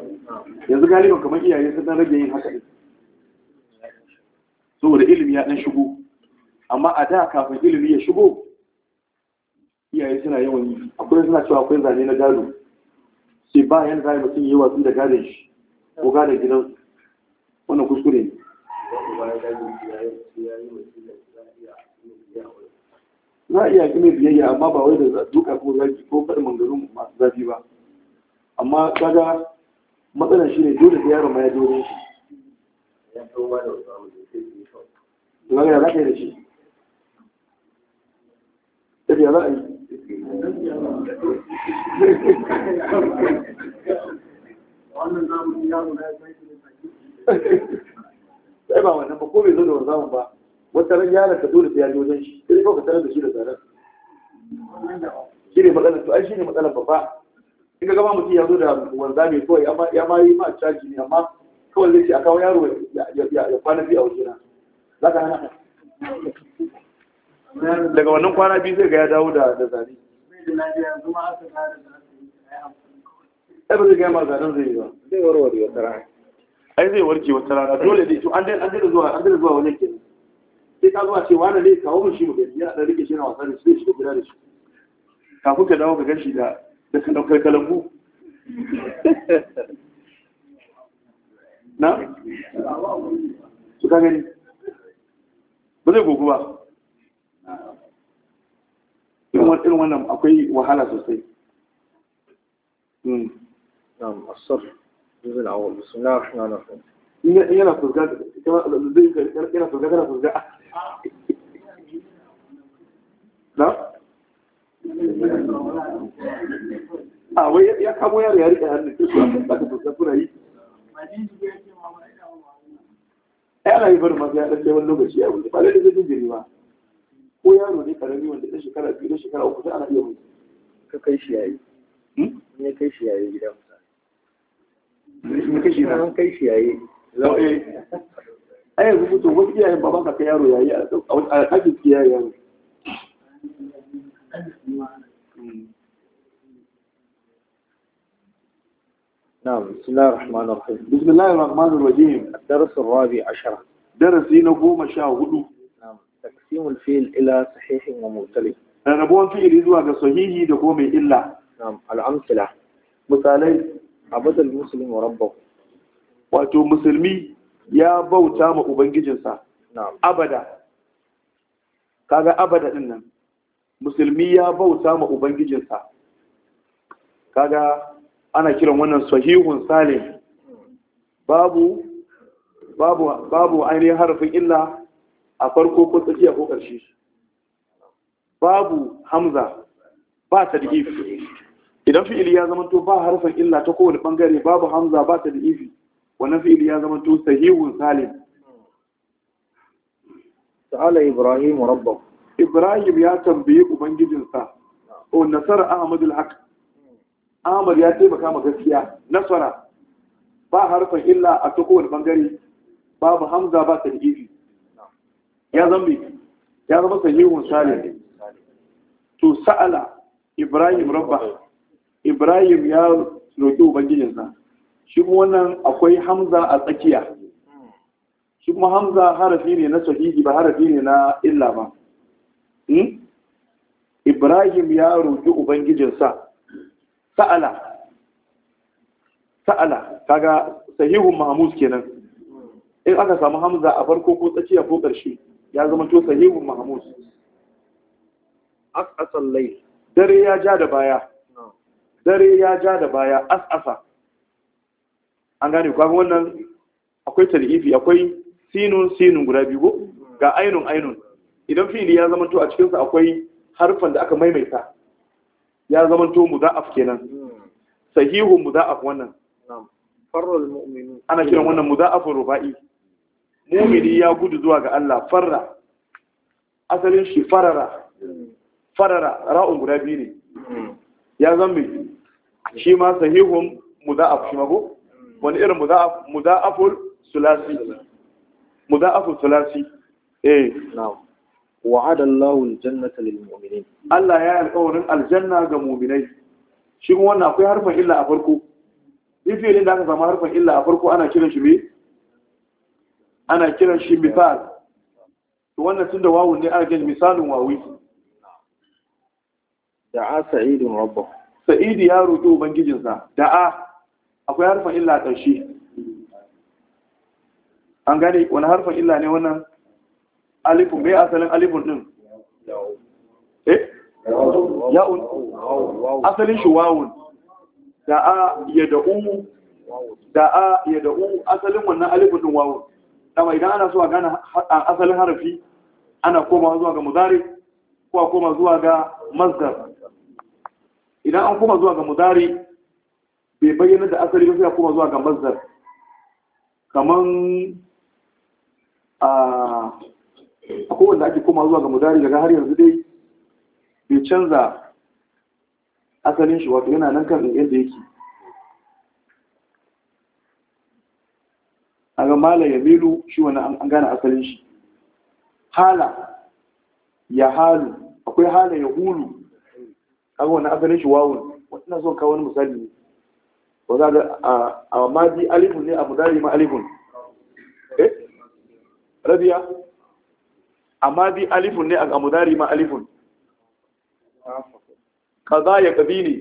yanzu galiban kamar iyaye sun dan rage yin haka din saboda ilimi ya dan shigo amma a da kafin ilimi ya shigo iyaye suna yawan yi akwai suna cewa akwai zane na gado sai ba yanzu zai mutum yi watsi da gadon shi ko gadon gidansu wannan kuskure ne za a iya gina biyayya amma ba wai da duka ko zafi ko faɗin mangarin masu zafi ba amma kaga matsalar shi ne dole da yaro ma ya dole shi da ya za ka yi da shi tafiya za a yi wannan zamu yaro na ya sai ba wannan ba ko bai zo da wanzan ba wata ran yana ka dole sai ya je wajen shi sai ka tarar da shi da zarar shi ne matsalar to ai shi ne matsalar babba in ka gama mutum ya zo da wanzami kawai ya ma yi ma caji ne amma kawai zai ce a kawo yaro ya kwana biyu a wajena za ka hana daga wannan kwana biyu zai ga ya dawo da zane ai ba zai gaya ma zanen zai yi ba zai warware ya tara ai zai warke wata rana dole ne to an dai an dai zuwa an dai zuwa wajen kenan sai ka zuwa ce wani ne kawo mun shi mu gani yana dan rike shi na wasa da shi zai shiga da shi kafin ka dawo ka gashi da da kan daukar kalambu na su ka gani ba zai gogu ba irin wannan akwai wahala sosai. Hmm. Na'am, asar. الجزء الأول بسم الله الرحمن الرحيم yana fuzga yana fuzga yana fuzga na? a wai ya kamo yari ya rike hannun kirkuwa ba ta fuzga kuna yi ya ana yi farin masu ya ɗan wani lokaci ya wuce ba da zai jiri ba ko yaro ne karami wanda ɗan shekara biyu da shekara uku sai ana iya wuce ka kai shi yayi ne kai shi yayi gidan نعم بسم الله الرحمن الرحيم بسم الله الرحمن الرحيم الدرس الرابع عشر درسي نقوم شاهدوا نعم تقسيم الفيل إلى صحيح ومختلف ربون فيل إذوا صحيح دقوم إلا نعم الأمثلة مثالي abadal musulmi wa rabba wato musulmi ya bauta ma ubangijinsa abada kaga abada din nan musulmi ya bauta ma ubangijinsa kaga ana kiran wannan sahihun salim babu babu babu ainihin harafin illa a farko ko tsakiya ko ƙarshe babu hamza ba tadhif idan fi'ili ya zama to ba harfin illa ta kowane bangare babu hamza ba ta da ifi wannan fi'ili ya zama to sahihun salim ta'ala ibrahim rabbahu ibrahim ya tambayi ubangijinsa o nasara ahmadul haq ahmad ya taimaka ma gaskiya nasara ba harfin illa a ta kowane bangare babu hamza ba ta da ifi ya zama ya zama sahihun salim to sa'ala ibrahim rabbahu ibrahim ya roƙi ubangijinsa shi kuma wannan akwai hamza a tsakiya shi kuma hamza harafi ne na sahihi ba harafi ne na illa ba hmm? ibrahim ya roƙi ubangijinsa sa'ala sa'ala kaga sahihun mahmud kenan in aka samu hamza a farko ko tsakiya ko ƙarshe ya zama to sahihun mahmud as'asal layl dare ya ja da baya dare ya ja da baya as'asa an gane kwa wannan akwai talifi akwai sinun sinun guda biyu ga ainun ainun idan fili ya zamanto a cikinsa akwai harfan da aka maimaita ya zamanto muza'af kenan sahihun muza'af wannan ana kiran wannan muza'afun ruba'i mumini ya gudu zuwa ga Allah farra asalin shi farara hmm. farara ra'un guda biyu ne hmm. ya zama shi ma sahihun muda'af shi mago wani irin muda'af muda'aful sulasi muda'aful sulasi eh na'am wa'ada Allahu al-jannata lil mu'minin Allah ya alƙawarin aljanna ga mu'minai shi kuma wannan akwai harfin illa a farko in fiye da aka samu harfin illa a farko ana kiran shi me ana kiran shi misal to wannan tunda wawun ne ana kiran misalun wawi da'a sa'idun rabbahu sa'idi ya roƙi ubangijinsa da'a akwai harfa illa a ƙarshe an gane wani harfa illa ne wannan alifun mai asalin alifun ɗin eh ya'un asalin shi wawun da'a ya da'u a ya da'u asalin wannan alifun ɗin wawun dama idan ana so a gane asalin harafi ana koma zuwa ga muzari ko a koma zuwa ga mazdar idan an kuma zuwa ga mudari bai bayyana da asali ba sai kuma zuwa ga mazdar kaman a kowanne ake kuma zuwa ga mudari daga har yanzu dai bai canza asalin shi wato yana nan kan yadda yake a ga mala ya milu shi wani an gane asalin shi hala ya halu akwai hala ya hulu kaga wannan asalin shi wawun ina so kawo wani misali ne ko za ga a madi alifun ne a mudari ma alifun eh rabiya a madi alifun ne a mudari ma alifun kaza ya kabi ne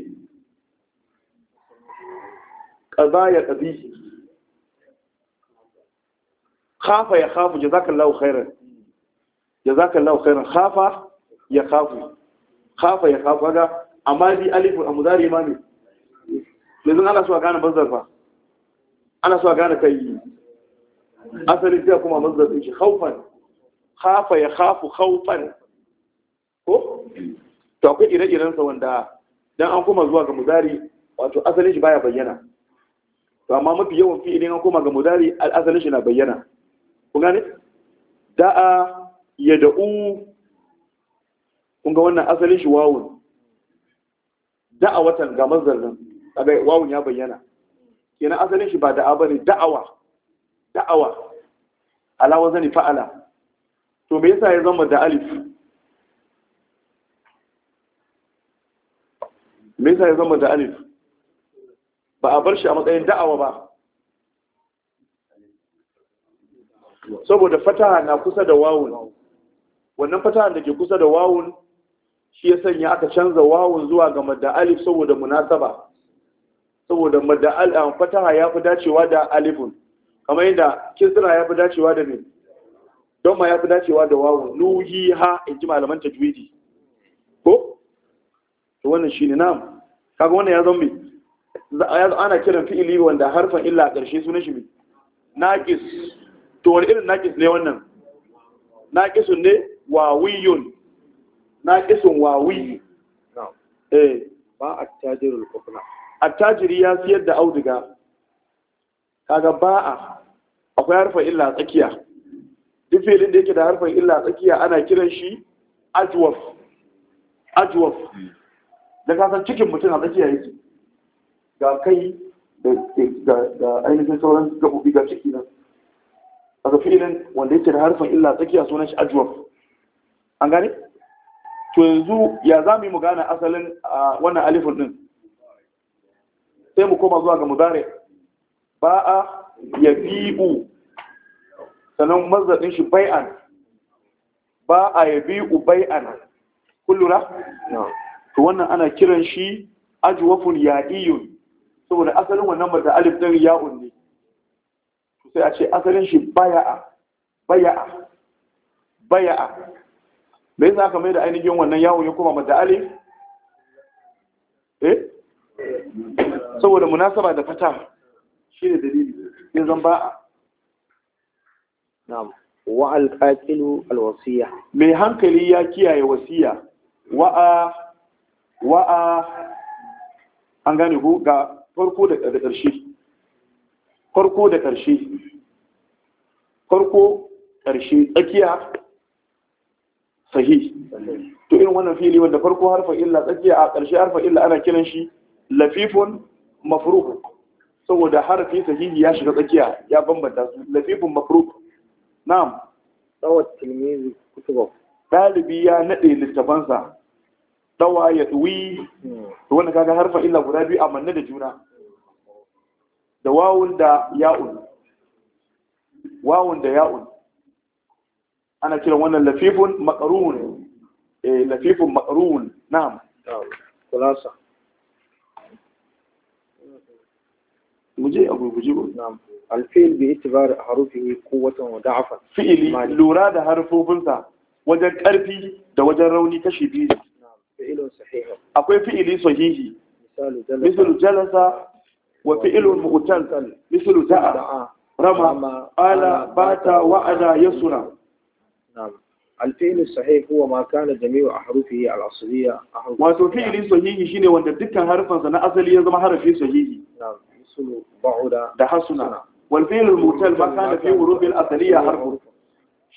kaza ya kabi khafa ya khafu jazakallahu khairan jazakallahu khairan khafa ya khafu khafa ya khafu ga amma bi alifu a muzari ma ne zan ana so a gane mazdar fa ana so a gane kai asalin ta kuma mazdar din shi haufan hafa ya hafu haufan, ko to akwai ire-iren sa wanda don an koma zuwa ga muzari wato asali shi baya bayyana to amma mafi yawan fi'ilin an koma ga muzari al'asali shi na bayyana ku gane da'a ya kun ga wannan asalin shi wawun da'awatan ga mazdarin kaga wawun ya bayyana kenan asalin shi ba da'a bane da'awa da'awa ala wazani fa'ala to me yasa ya zama da alif me yasa ya zama da alif ba a bar shi a matsayin da'awa ba saboda fataha na kusa da wawun wannan fataha da ke kusa da wawun shi ya sanya aka canza wawun zuwa ga madda alif saboda munasaba saboda madda alif um, fataha ya fi dacewa da alifun kamar yadda kisra ya fi dacewa da min don ma ya fi dacewa da wawun nuhi ha in ji malaman tajwidi ko to wannan shi ne nam kaga wannan ya mai ya ana kiran fi'ili wanda harfan illa a ƙarshe sunan shi mai naqis to wani irin naqis ne wannan naqisun ne wawiyun naqisun wawi eh ba attajirul a attajiri ya siyar da auduga kaga ba'a akwai harfa illa tsakiya duk filin da yake da harfa illa tsakiya ana kiran shi ajwaf ajwaf da kasan cikin mutum a tsakiya yake ga kai da ainihin sauran gabobi ga ciki nan a ga filin wanda yake da harfa illa tsakiya sunan shi ajwaf an gane to yanzu ya za mu yi gane asalin wannan alifin ɗin? sai mu koma zuwa ga mudare ba a ya bi'u sannan mazdaɗin shi bai'an ba a ya bi'u bai'an kullura? to wannan ana kiran shi ajuwafun ya'iyun saboda asalin wannan mata alif ɗin ya'un ne sai a ce asalin shi baya'a baya'a baya'a me yasa aka mai da ainihin wannan yawon ya koma mata alif eh saboda munasaba da fata shi ne dalili sai zan ba na'am wa alƙaƙilu alwasiya mai hankali ya kiyaye wasiya wa'a wa'a an gane ku ga farko da ƙarshe farko da ƙarshe farko ƙarshe tsakiya sahih to irin wannan fili wanda farko harfa illa tsakiya a ƙarshe harfa illa ana kiran shi lafifun mafruq saboda harfi sahihi ya shiga tsakiya ya bambanta su lafifun mafruq na'am dawat tilmizi kutuba dalibi ya nade littafansa dawa ya tsuwi to wannan kaga harfa illa guda biyu a manne da juna da wawun da ya'un wawun da ya'un ana kiran wannan lafifun makarun eh lafifun makarun na'am kulasa muje abu ko na'am alfil bi itibar harufihi quwwatan wa fi'li lura da harfofinsa wajen karfi da wajen rauni kashi biyu na'am sahih akwai fi'ili sahihi misalu jalasa wa fi'lun mu'tal misalu da'a rama ala bata wa'ada yasuna نعم الفعل الصحيح هو ما كان جميع أحرفه الأصلية أحرف واتو فعل صحيح شيني وانت دكا حرفا سنة أصلية زما حرفي صحيح نعم مثل بعد دحسنا والفعل المعتل ما كان في حروف الأصلية حرف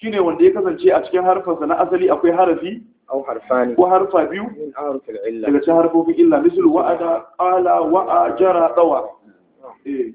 shine wanda ya kasance a cikin harfansa na asali akwai harafi au harfani ko harfa biyu min harfil illa daga cikin harfofin illa misal wa'ada qala wa'a jara dawa eh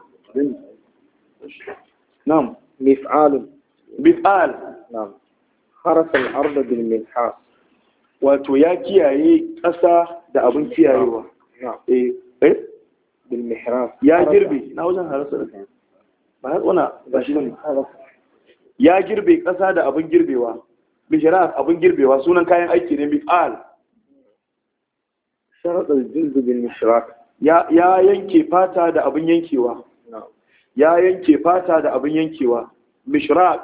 نعم مفعال مفعال نعم حرس wato ya kiyaye ƙasa da abin kiyayewa eh ya girbe ƙasa da abin girbewa bishiraf abin girbewa sunan kayan aiki ne bif'al ya yanke fata da abin yankewa ya yanke fata da abin yankewa mishraq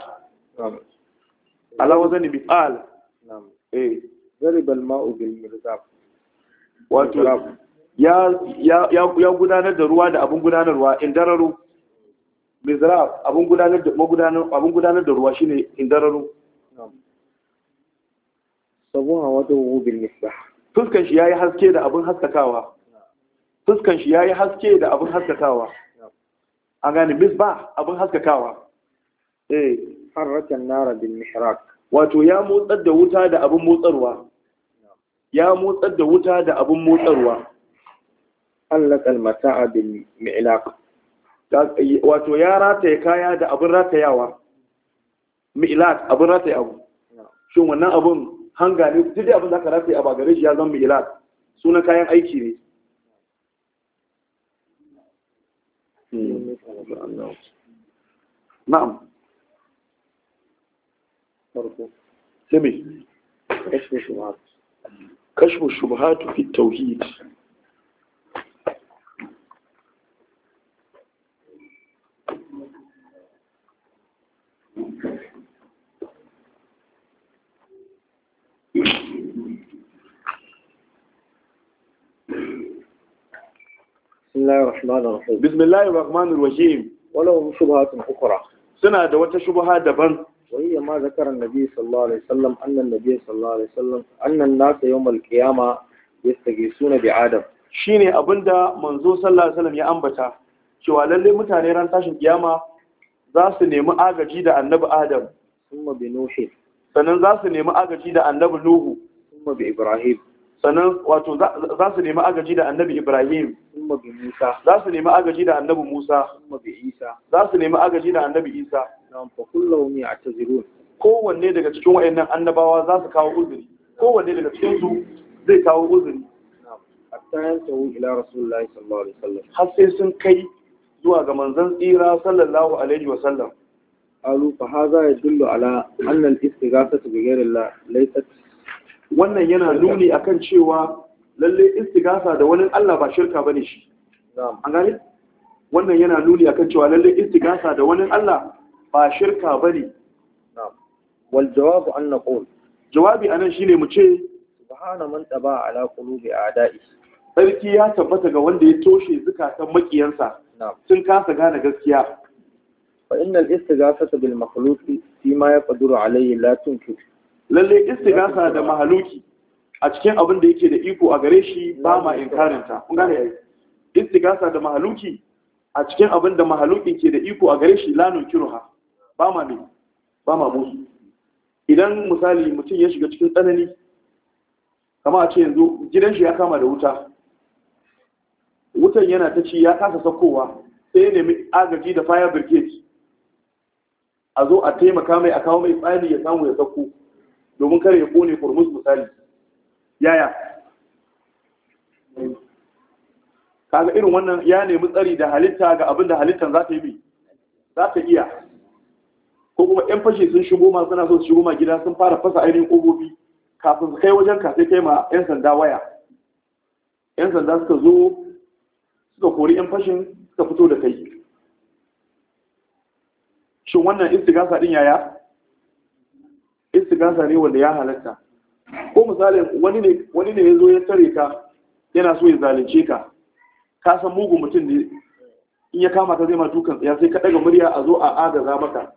ala wazan bi'al eh zarib al-ma'u bil mirzab wato ya gudanar da ruwa da abin gudanarwa indararu mizrab abin gudanar da magudanar abin gudanar da ruwa shine indararu sabuha wato bil misbah fuskan shi yayi haske da abin haskakawa fuskan shi yayi haske da abin haskakawa an gane misbah abin haskakawa eh harratan nara bil mihrak. wato ya motsar da wuta da abin motsarwa ya motsar da wuta da abin motsarwa Allah al mata'a bil mi'laq wato ya rataye kaya da abin ratayawa mi'laq abin rataye abu shin wannan abin hanga ne duk abin da ka rataye a bagare shi ya zama mi'laq sunan kayan aiki ne نعم سمي كشف الشبهات كشف الشبهات في التوحيد بسم الله الرحمن الرحيم بسم الله الرحمن الرحيم ولو شبهات أخرى suna da wata shubha daban وهي ما ذكر النبي صلى الله عليه وسلم أن النبي صلى الله عليه وسلم أن الناس يوم القيامة يستغيثون بعادم shine abinda manzo sallallahu alaihi wasallam ya ambata cewa lalle mutane ran tashin kiyama za su nemi agaji da annabi Adam kuma bi Nuh sannan za su nemi agaji da annabi Nuhu kuma bi Ibrahim sannan wato za su nemi agaji da annabi ibrahim za su nemi agaji da annabi musa za su nemi agaji da annabi isa kowanne daga cikin wayannan annabawa za su kawo uzuri kowanne daga cikin su zai kawo uzuri har sai sun kai zuwa ga manzon tsira sallallahu alaihi wasallam alu fa haza yadullu ala anna al-istighathatu bi ghayri Allah laysat wannan yana nuni akan cewa lalle istigasa da wani Allah ba shirka bane shi an gane wannan yana nuni akan cewa lalle istigasa da wani Allah ba shirka bane wal jawabu an naqul jawabi anan shine mu ce subhana man taba ala qulubi a'da'i sarki ya tabbata ga wanda ya toshe zukatan makiyansa sun kasa gane gaskiya fa innal istighasata bil makhluqi fi ma yaqdiru alayhi la tunkir lalle istigasa da mahaluki a cikin abin da yake da iko a gare shi ba ma inkarinta kun gane yayi istigasa da mahaluki a cikin abin da mahalukin ke da iko a gare shi lanun kiruha ba ma ne ba ma musu idan misali mutum ya shiga cikin tsanani kama a ce yanzu gidan shi ya kama da wuta wutan yana ta ci ya kasa sakowa sai ya nemi agaji da fire brigade a zo a taimaka mai a kawo mai tsari ya samu ya sakko domin kare ya kone kurmus misali yaya kaga irin wannan ya nemi tsari da halitta ga abin da halittan za ta yi bi za ta iya ko kuma yan fashe sun shigo ma suna so su shigo ma gida sun fara fasa ainihin ƙofofi kafin su kai wajen ka sai kai ma yan sanda waya yan sanda suka zo suka kori yan fashin suka fito da kai shin wannan istigasa din yaya istigasa ne wanda ya halatta ko misali wani ne ya zo ya tare ka yana so ya zalunce ka ka san mugun mutum ne in ya kama ka zai ma dukan ya sai ka daga murya a zo a agaza maka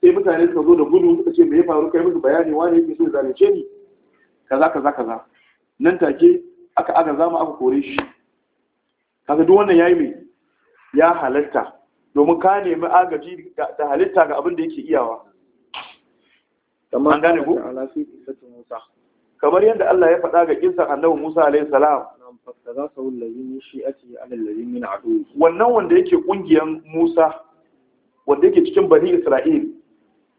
sai mutane suka zo da gudu suka ce me ya faru kai musu bayani wani yake so ya zalunce ni kaza kaza kaza nan take aka agaza mu aka kore shi kaga duk wannan yayi me ya halatta domin ka nemi agaji da halitta ga abin da yake iyawa kamar yadda Allah ya faɗa ga kinsa annabi Musa alaihi salam wannan wanda yake kungiyar Musa wanda yake cikin bani Isra'il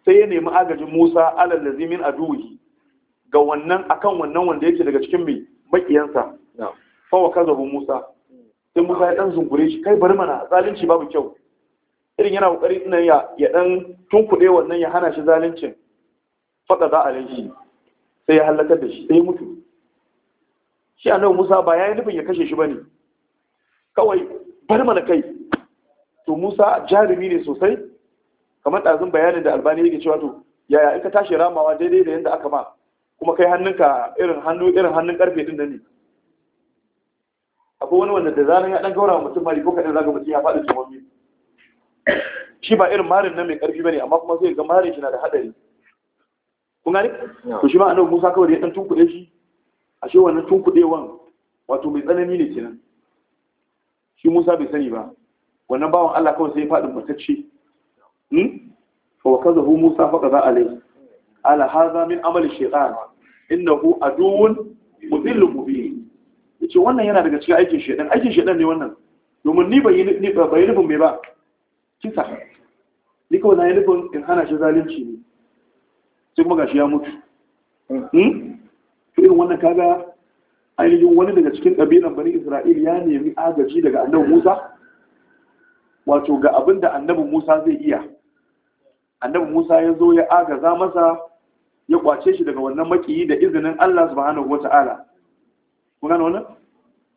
sai ya nemi agajin Musa alal lazimin aduhi ga wannan akan wannan wanda yake daga cikin mai makiyansa fa wa kazabu Musa sai Musa ya dan zungure shi kai bari mana zalunci babu kyau irin yana kokari ina ya dan tunkude wannan ya hana shi zaluncin faɗa za a shi sai ya halakar da shi sai mutu shi annabi musa ba ya yi nufin ya kashe shi ba ne kawai bar mana kai to musa jarumi ne sosai kamar ɗazin bayanin da albani yake cewa to yaya in ka tashi ramawa daidai da yadda aka ma kuma kai hannunka irin hannu irin hannun karfe din nan ne akwai wani wanda da zaran ya dan gaura mutum mari ko kaɗan zaga mutum ya faɗi tsohon shi ba irin marin nan mai karfi ne, amma kuma sai ga marin shi na da haɗari. kun gane to shi ma annabi Musa kawai ya dan tunkuɗe shi ashe wannan tunkuɗewan wato mai tsanani ne kenan shi Musa bai sani ba wannan bawan Allah kawai sai ya faɗi matacce hmm fa wakazahu Musa fa qaza alayhi ala hadha min amali shaytan innahu aduwwun mudillun mubin yace wannan yana daga cikin aikin shaytan aikin shaytan ne wannan domin ni bai ni bai rubun mai ba kisa ni kawai na yi rubun in hana shi zalunci ne sai kuma gashi ya mutu hmm. Hmm? to irin wannan kaga ainihin wani daga cikin ɗabi'an bani isra'il ya nemi agaji daga annabi musa wato ga abin da annabi musa zai iya annabi musa ya zo ya agaza masa ya kwace shi daga wannan makiyi da izinin allah subhanahu wata'ala kuna na wannan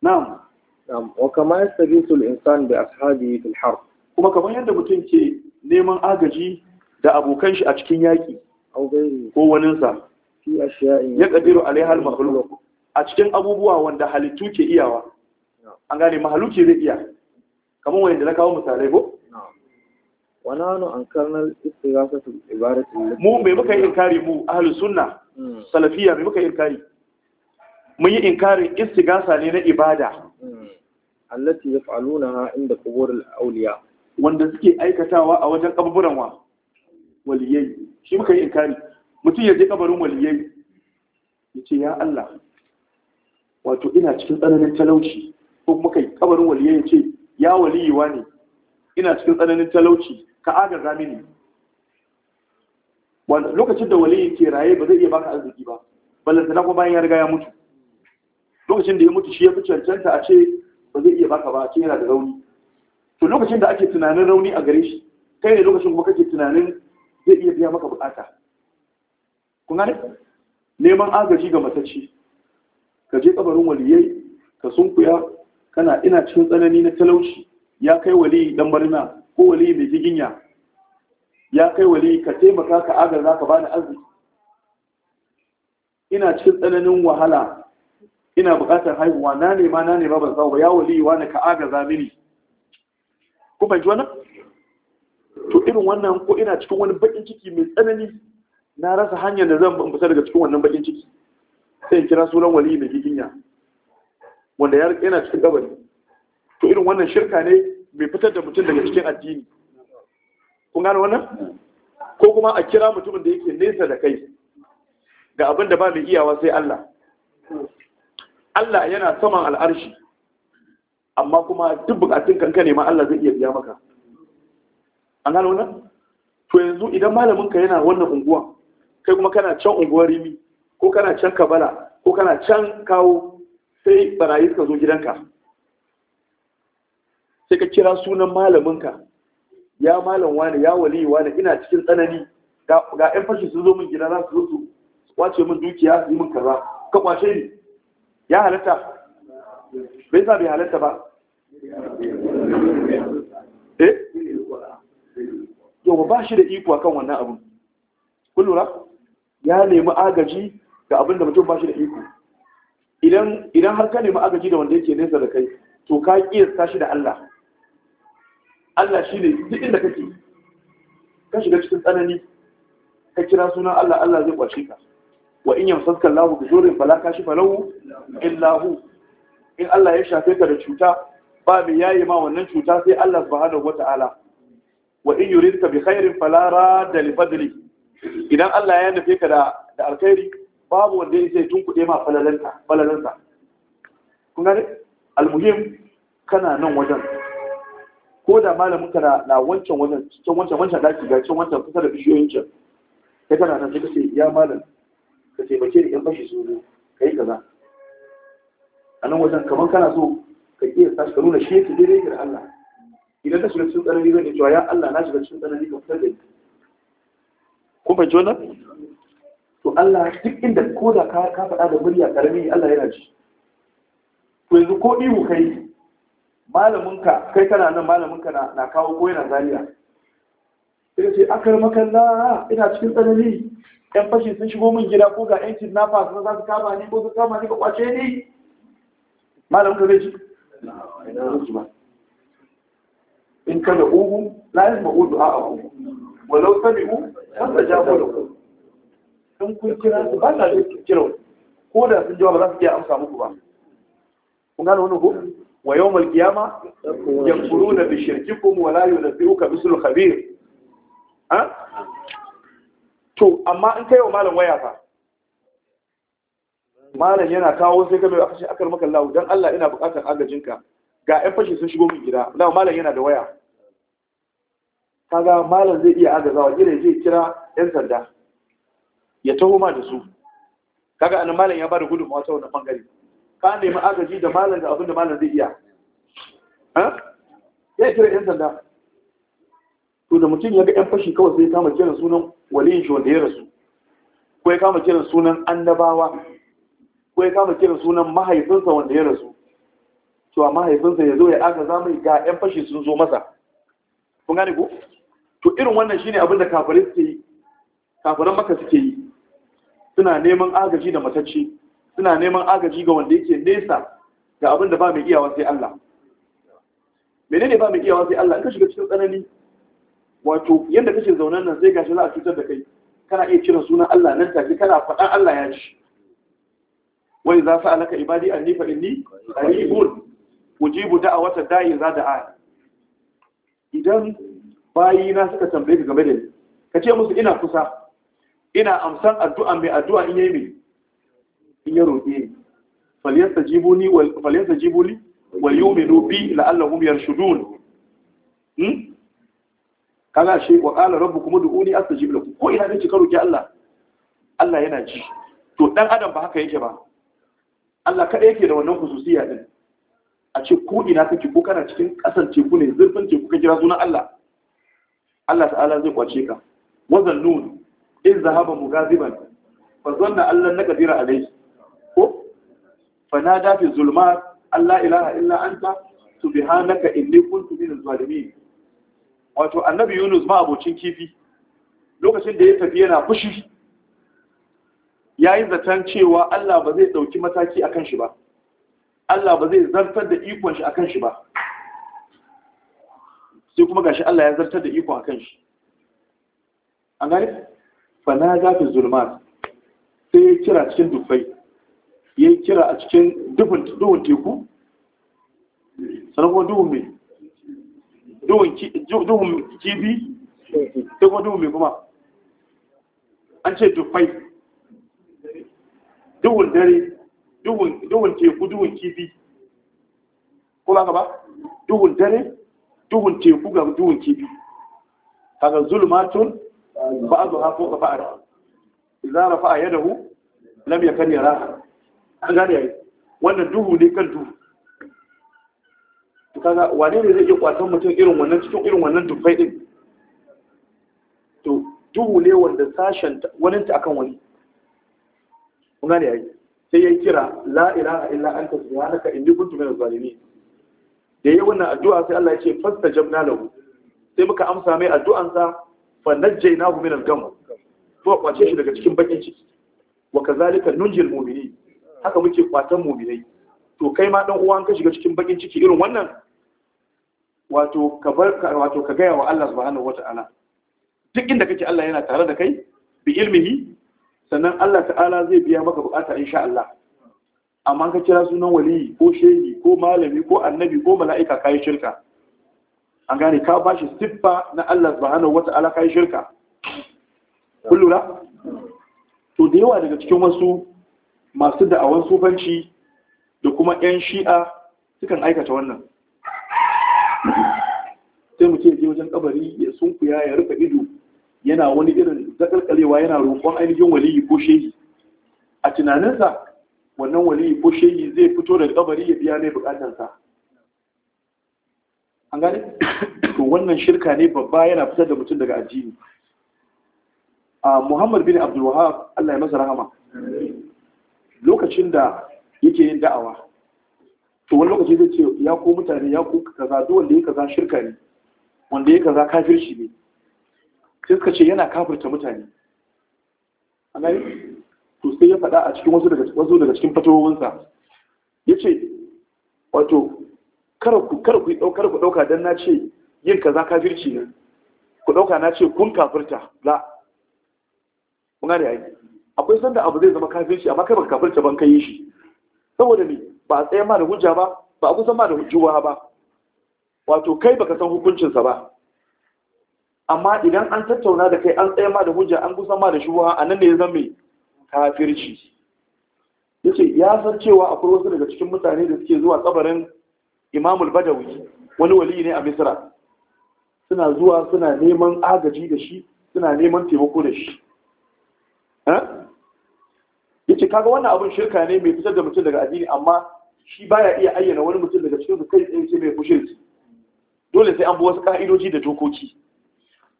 na'am na'am wa kama yastaghithu al-insan bi ashabihi fil har kuma kamar yadda mutum ke neman agaji da abokan shi a cikin yaki ko waninsa ya ƙadiru alaihal mahaluk a cikin abubuwa wanda halittu ke iyawa an gane mahaluki zai iya kamar wanda na kawo misalai ko wani hannu an karnar istirasatul ibadatul mu mai muka yi inkari mu ahlus sunna hmm. salafiya mai muka yi inkari mun yi inkarin istigasa ne na ibada hmm. allati yaf'alunaha inda qubur awliya wanda suke aikatawa a wajen kaburburan wa waliyai shi muka yi inkari mutum ya je kabarin waliyai ya ce ya Allah wato ina cikin tsananin talauci ko kuma kai kabarin waliyai ya ce ya waliyuwa ne ina cikin tsananin talauci ka agaza mini lokacin da waliyai ke raye ba zai iya baka arziki ba ballanta na kuma bayan ya riga ya mutu lokacin da ya mutu shi ya fi cancanta a ce ba zai iya baka ba a ce yana da rauni to lokacin da ake tunanin rauni a gare shi kai ne lokacin kuma kake tunanin zai iya biya maka bukata kun ne? neman agaji ga matacci ka je kabarin waliyai ka sunkuya kana ina cikin tsanani na talauci ya kai wali dan barna ko wali mai jiginya ya kai wali ka taimaka ka agaza ka bani arziki ina cikin tsananin wahala ina buƙatar haihuwa na nema na nema ba samu ba ya wali wani ka agaza mini ku ji wannan to irin wannan ko ina cikin wani bakin ciki mai tsanani na rasa hanyar da zan fita daga cikin wannan bakin ciki sai in kira sunan wali mai giginya wanda yana cikin gabani. to irin wannan shirka ne mai fitar da mutum daga cikin addini kun gane wannan ko kuma a kira mutumin da yake nesa da kai ga abin da ba mai iyawa sai Allah Allah yana saman al'arshi amma kuma duk bukatun kanka ne ma Allah zai iya biya maka an gano wannan to yanzu idan malamin ka yana wannan unguwan kai kuma kana can unguwar rimi ko kana can kabala ko kana can kawo sai barayi suka zo gidanka sai ka kira sunan malaminka ya malam wani ya wali wani ina cikin tsanani ga yan fashi sun zo min gida za su zo su kwace min dukiya su yi min kaza ka kwace ni ya halatta bai sa bai halatta ba eh yau ba shi da iko akan wannan abin kullura ya nemi agaji ga abin da mutum ba shi da iko idan har ka nemi agaji da wanda yake nesa da kai to ka kiyasta shi da Allah Allah shi ne duk inda kake ka shiga cikin tsanani ka kira sunan Allah Allah zai kwashe ka wa in yamsaka Allahu bi dhurrin fala kashifa lahu illa hu in Allah ya shafe ka da cuta ba mai yayi ma wannan cuta sai Allah subhanahu wata'ala wa in yuridka bi khairin fala radda li fadli idan Allah ya nufe ka da da alkhairi babu wanda ya sai tunkuɗe ma falalanta falalanta kun gane almuhim kana nan wajen ko da malamin ka na, na wancan wajen cikin wancan wancan daki ga cikin wancan kusa da bishiyoyin can kai kana nan sai kace ya malam ka taimake ni in bashi su kai kaza a nan wajen kamar kana so ka iya sashi ka nuna shi yake daidai da Allah ka shiga cikin tsanani zan iya cewa ya Allah na shiga cikin tsanani ka fitar da ni kun fahimci wannan to Allah duk inda ko da ka ka faɗa da murya karami Allah yana ji to yanzu ko ihu kai ka kai kana nan malaminka na na kawo ko yana zaliya sai ce akar makalla ina cikin tsanani ɗan fashi sun shigo min gida ko ga yan kidnappers sun za su kama ni ko su kama ni ka kwace ni ka zai ji ba in kada uhu la yasma'u du'a'akum walau sami'u da lakum in kun kira su ba sa jin kiran ko da sun jawa ba za su iya amsa muku ba kun gane wani ku? wa yawmal qiyama yakfuruna bi shirkikum wa la yunabbi'uka mislu khabir ha to amma in kai wa malam waya fa malam yana kawo sai ka mai aka ce akar maka Allah don Allah ina bukatar agajinka ga 'yan fashi sun shigo min gida na malam yana da waya kaga malam zai iya agazawa gida zai kira yan sanda ya taho ma da su kaga anan malam ya bada gudunmawa ta wannan bangare ka nemi agaji da malam da abin da malam zai iya ya kira yan sanda to da mutum ya ga yan fashi kawai sai kama kiran sunan waliyin shi wanda ya rasu ko ya kama kiran sunan annabawa ko ya kama kiran sunan mahaifinsa wanda ya rasu to mahaifinsa ya zo ya aka zamai ga yan fashi sun zo masa kun gane ku? to irin wannan shine abin da kafirai suke yi kafiran maka suke yi suna neman agaji da matacce suna neman agaji ga wanda yake nesa ga abin da ba mai iyawa sai Allah menene ba mai iyawa sai Allah in ka shiga cikin tsanani wato yadda kake zaunan nan sai gashi za a cutar da kai kana iya cire sunan Allah nan take kana faɗan Allah ya Wai wa idza sa'alaka ibadi anni fa inni qareebun ujibu da'wata da'i za da'a idan bayi na suka tambaye ka game da ni ka ce musu ina kusa ina amsan addu'a mai addu'a in yi mai in ya roƙe ni falyastajibu ni wal falyastajibu li wal yu'minu bi la'allahum yarshudun hmm kaga shi wa qala rabbukum ud'uni astajib lakum ko ina kace ka roƙi Allah Allah yana ji to dan adam ba haka yake ba Allah kada yake da wannan khususiyya din a ce ko ina kake ko kana cikin kasance teku ne zurfin teku ka kira sunan Allah Allah ta'ala zai kwace ka wazan nun in zahaba mugaziban fa zanna Allah na kadira alai ko fa nada fi zulmat Allah ilaha illa anta subhanaka inni kuntu minaz zalimin wato annabi Yunus ma abocin kifi lokacin da ya tafi yana fushi yayin zaton cewa Allah ba zai dauki mataki akan shi ba Allah ba zai zartar da ikon shi akan shi ba sai kuma gashi Allah ya zartar da iko akan shi an gane fa na za fi zulmat sai ya kira cikin dubbai ya kira a cikin duhun teku sannan kuma duhun mai duhun kibi sai kuma duhun mai kuma an ce dubbai duhun dare duhun teku duhun kibi ko ba ka ba duhun dare duhun teku ga duhun kifi kaga zulmatun ba'du ga fuka fa'ara idan rafa'a yadahu lam yakun yaraha an gane yayi wannan duhu ne kan duhu kaga wane ne zai iya kwatan mutum irin wannan cikin irin wannan dufai din to duhu ne wanda sashen wannan ta akan wani kun gane yayi sai ya kira la ilaha illa anta subhanaka inni kuntu minaz zalimin da yi wannan addu'a sai Allah ya ce fasta jamna lahu sai muka amsa mai addu'ansa fa najjaynahu min al-gham to kwace shi daga cikin bakin ciki wa kazalika nunjil mu'minin haka muke kwatan mu'minai to kai ma dan uwan ka shiga cikin bakin ciki irin wannan wato ka bar wato ka gaya wa Allah subhanahu wata'ala duk inda kake Allah yana tare da kai bi ilmihi sannan Allah ta'ala zai biya maka bukata insha Allah amma ka kira sunan waliyi ko shehi ko malami ko annabi ko mala'ika kayi shirka an gane ka ba shi siffa na Allah subhanahu wata'ala kayi shirka kullura to da yawa daga cikin wasu masu da'awan sufanci da kuma 'yan shi'a sukan aikata wannan sai mu ce je wajen kabari ya sunkuya ya rufe ido yana wani irin zakalkalewa yana roƙon ainihin waliyi ko shehi a tunaninsa wannan wali ko shehi zai fito da kabari ya biya mai bukatansa an gane to wannan shirka ne babba yana fitar da mutum daga addini a muhammad bin abdul wahab allah ya masa rahama lokacin da yake yin da'awa to wani lokaci zai ce ya ko mutane ya ko kaza duk wanda ya kaza shirka ne wanda ya kaza kafirci ne sai suka ce yana kafirta mutane an gane ya faɗa a cikin wasu daga cikin fatowarsa ya ce wato kar ku ɗauka don na ce yin kaza kafirci ne ku ɗauka na ce kun kafirta za kun gane yayi akwai sanda abu zai zama kafirci amma kai baka kafirta ban kai shi saboda ne ba a tsaye ma da hujja ba ba a kusa ma da hujjuwa ba wato kai baka san hukuncinsa ba amma idan an tattauna da kai an tsaye ma da hujja an kusa ma da shuwa a nan ne ya zama kafirci yace ya san cewa akwai wasu daga cikin mutane da suke zuwa kabarin Imamul Badawi wani wali ne a Misra suna zuwa suna neman agaji da shi suna neman taimako da shi eh? yace kaga wannan abin shirka ne mai fitar da mutum daga addini amma shi baya iya ayyana wani mutum daga cikin kai tsaye ce mai mushirki dole sai an bi wasu ka'idoji da dokoki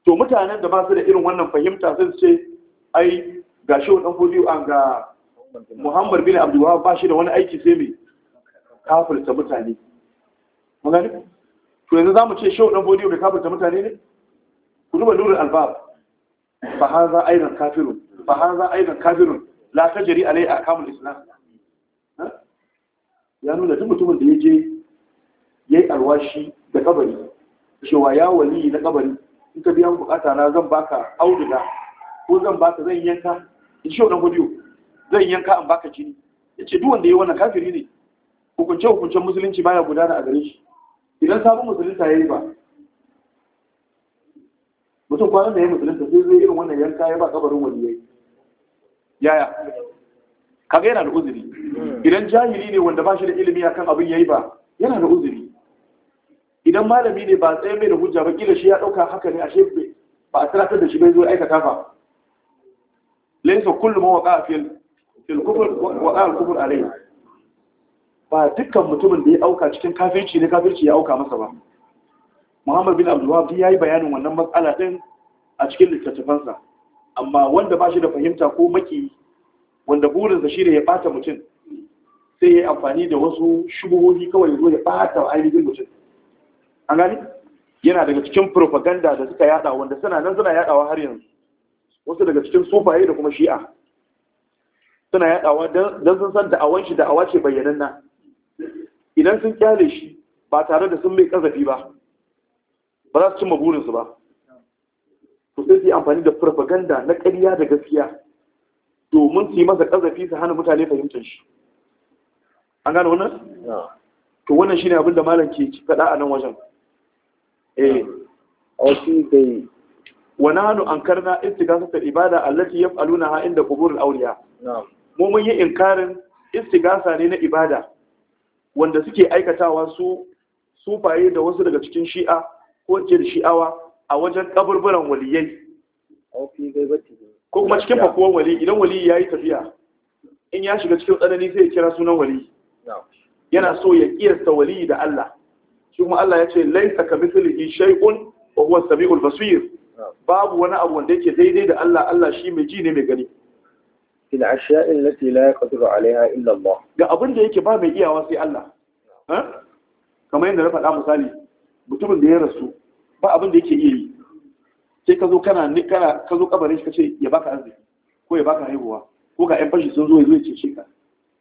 to mutanen da ba su da irin wannan fahimta sun ce ai ga shi wannan hudu an ga muhammad bin abdullahi ba shi da wani aiki sai mai kafirta mutane magani to yanzu za mu ce shi wannan hudu da kafirta mutane ne ku zuba nurin albab fa haza aidan kafirun a yi aidan kafirun la jari a kamun islam ya nuna duk mutumin da ya je ya yi alwashi da kabari cewa ya wali na kabari in ka biya bukata na zan baka auduga ko zan baka zan yanka in shi wannan gudu zan yanka an baka jini ya ce duwanda ya ya wannan kafiri ne hukunce hukuncen musulunci baya gudana a gare shi idan sabon musulunta ya yi ba mutum kwanan da ya yi musulunta sai zai irin wannan yanka ya ba kabarin wani ya yi yaya kaga yana da uzuri hmm. idan jahili ne wanda ba shi da ilimi akan abin ya yi ba yana da uzuri idan malami ne ba tsaye mai da hujja ba kila shi ya ɗauka haka ne a ashe ba a tsiratar da shi bai zo aikata ba laisa كل ما وقع في الكفر وقع الكفر عليه ba dukkan mutumin da ya auka cikin kafirci ne kafirci ya auka masa ba Muhammad bin Abdul Wahab yayi bayanin wannan matsala din a cikin littattafansa amma wanda ba shi da fahimta ko maki wanda burinsa shi ne ya bata mutum sai ya yi amfani da wasu shubuhohi kawai zo ya bata ainihin mutum an gani yana daga cikin propaganda da suka yada wanda suna nan suna yadawa har yanzu wasu daga cikin sufaye da kuma shi'a suna yaɗawa don sun san da'awan shi da'awa ce bayyananna idan sun kyale shi ba tare da sun mai ƙazafi ba ba za su cimma burinsu ba to sai yi amfani da farfaganda na ƙarya da gaskiya domin su yi masa ƙazafi su hana mutane fahimtar shi an gano wannan? to wannan shi abin da malam ke faɗa a nan wajen eh a wasu bai wa nahnu ankarna istighasat ibada allati yaf'alunaha inda qubur al-awliya mu mun yi inkarin istighasa ne na ibada wanda suke aikatawa su sufaye da wasu daga cikin shi'a ko ce da shi'awa a wajen kaburburan waliyai ko kuma cikin fakuwan wali idan wali ya yi tafiya in ya shiga cikin tsanani sai ya kira sunan wali yana so ya kiyasta wali da Allah shi kuma Allah ya ce laisa ka mithlihi shay'un wa huwa as-sami'ul basir babu wani abu wanda yake daidai da Allah Allah shi mai ji ne mai gani fil ashiya'i lati la yaqdiru 'alayha illa Allah ga abin da yake ba mai iyawa sai Allah kamar yadda na faɗa misali mutumin da ya rasu ba abin da yake iya yi sai ka zo kana kana ka zo kabarin shi kace ya baka arziki ko ya baka haihuwa ko ga 'yan fashi sun zo ya zo ya cece ka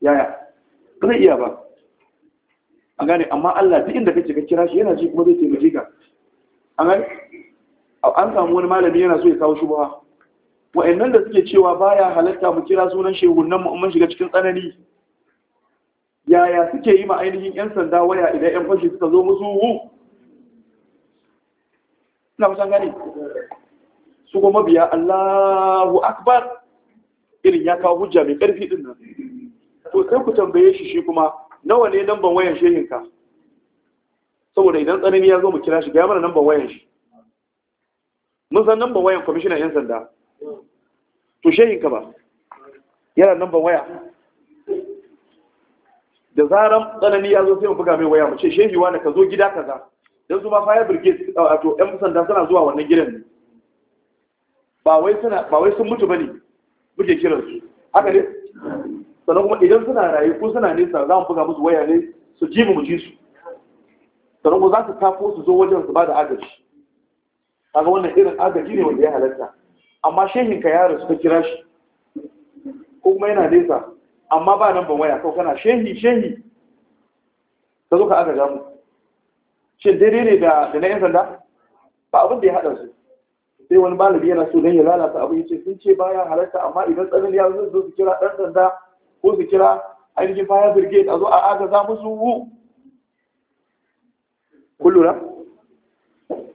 yaya ba zai iya ba a gane amma Allah duk inda kake ka kira shi yana ji kuma zai taimake ka a gane an samu wani malami yana so ya kawo shubha wa'annan da suke cewa baya halatta mu kira sunan shehunan mu mun shiga cikin tsanani yaya suke yi ma ainihin yan sanda waya idan yan fashi suka zo musu hu na fatan gani su kuma biya Allahu akbar irin ya kawo hujja mai karfi din nan to sai ku tambaye shi shi kuma nawa ne lambar wayan shehinka saboda idan tsanani ya zo mu kira shi ga mana lambar wayan shi mun san number wayan kwamishinan 'yan sanda to shehin ka ba yana number waya da zaran tsanani ya zo sai mu buga mai waya mu ce shehi wani ka zo gida kaza dan su ma fire brigade to 'yan sanda suna zuwa wannan gidan ne ba wai suna ba wai sun mutu bane buge kiran su haka ne sannan kuma idan suna rayu ko suna nesa za mu buga musu waya ne su ji mu ji su sannan kuma za su tafo su zo wajen su ba da agaji kaga wannan irin agaji ne wanda ya halatta amma shehin ka yaro suka kira shi ko kuma yana nesa amma ba nan ban waya kawai kana shehi shehi ka zo ka aka mu shin daidai ne da na yan sanda ba abin da ya haɗa su sai wani malami yana so don ya lalata abu ya ce sun ce baya halatta amma idan tsarin ya zo su kira ɗan sanda ko su kira ainihin fire brigade a zo a agaza musu mu kun lura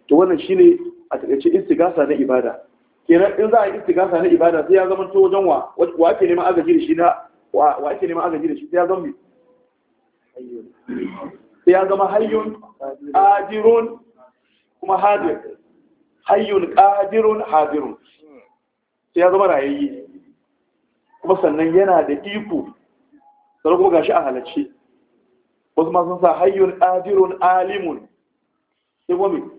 to wannan shine a takaice istigasa na ibada kenan in za a yi istigasa na ibada sai ya zama to wajen wa wa ake neman agaji da shi na wa ake neman agaji da shi sai ya zama sai ya zama hayyun qadirun kuma hadir hayyun qadirun hadirun sai ya zama rayayye kuma sannan yana da iko sai kuma gashi a halacce wasu ma sun sa hayyun qadirun alimun sai kuma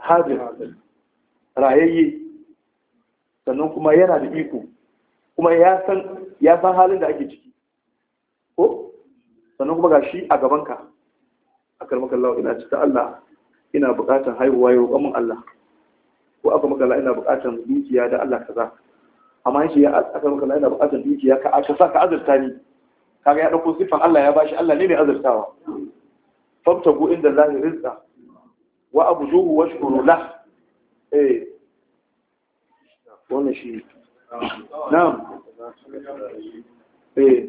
hajji rayayye sannan kuma yana da iko kuma ya san ya san halin da ake ciki ko sannan kuma ga shi a gabanka a karmakar lawa ina cika Allah ina buƙatar haihuwa ya roƙon min Allah ko aka maka ina buƙatar dukiya da Allah ka za amma shi ya aka maka ina buƙatar dukiya ka aka sa ka azurta ni kaga ya dauko sifan Allah ya bashi Allah ne mai azurtawa fabtagu inda Allah rizqa wa abuduhu washkuru la eh wani shi na'am eh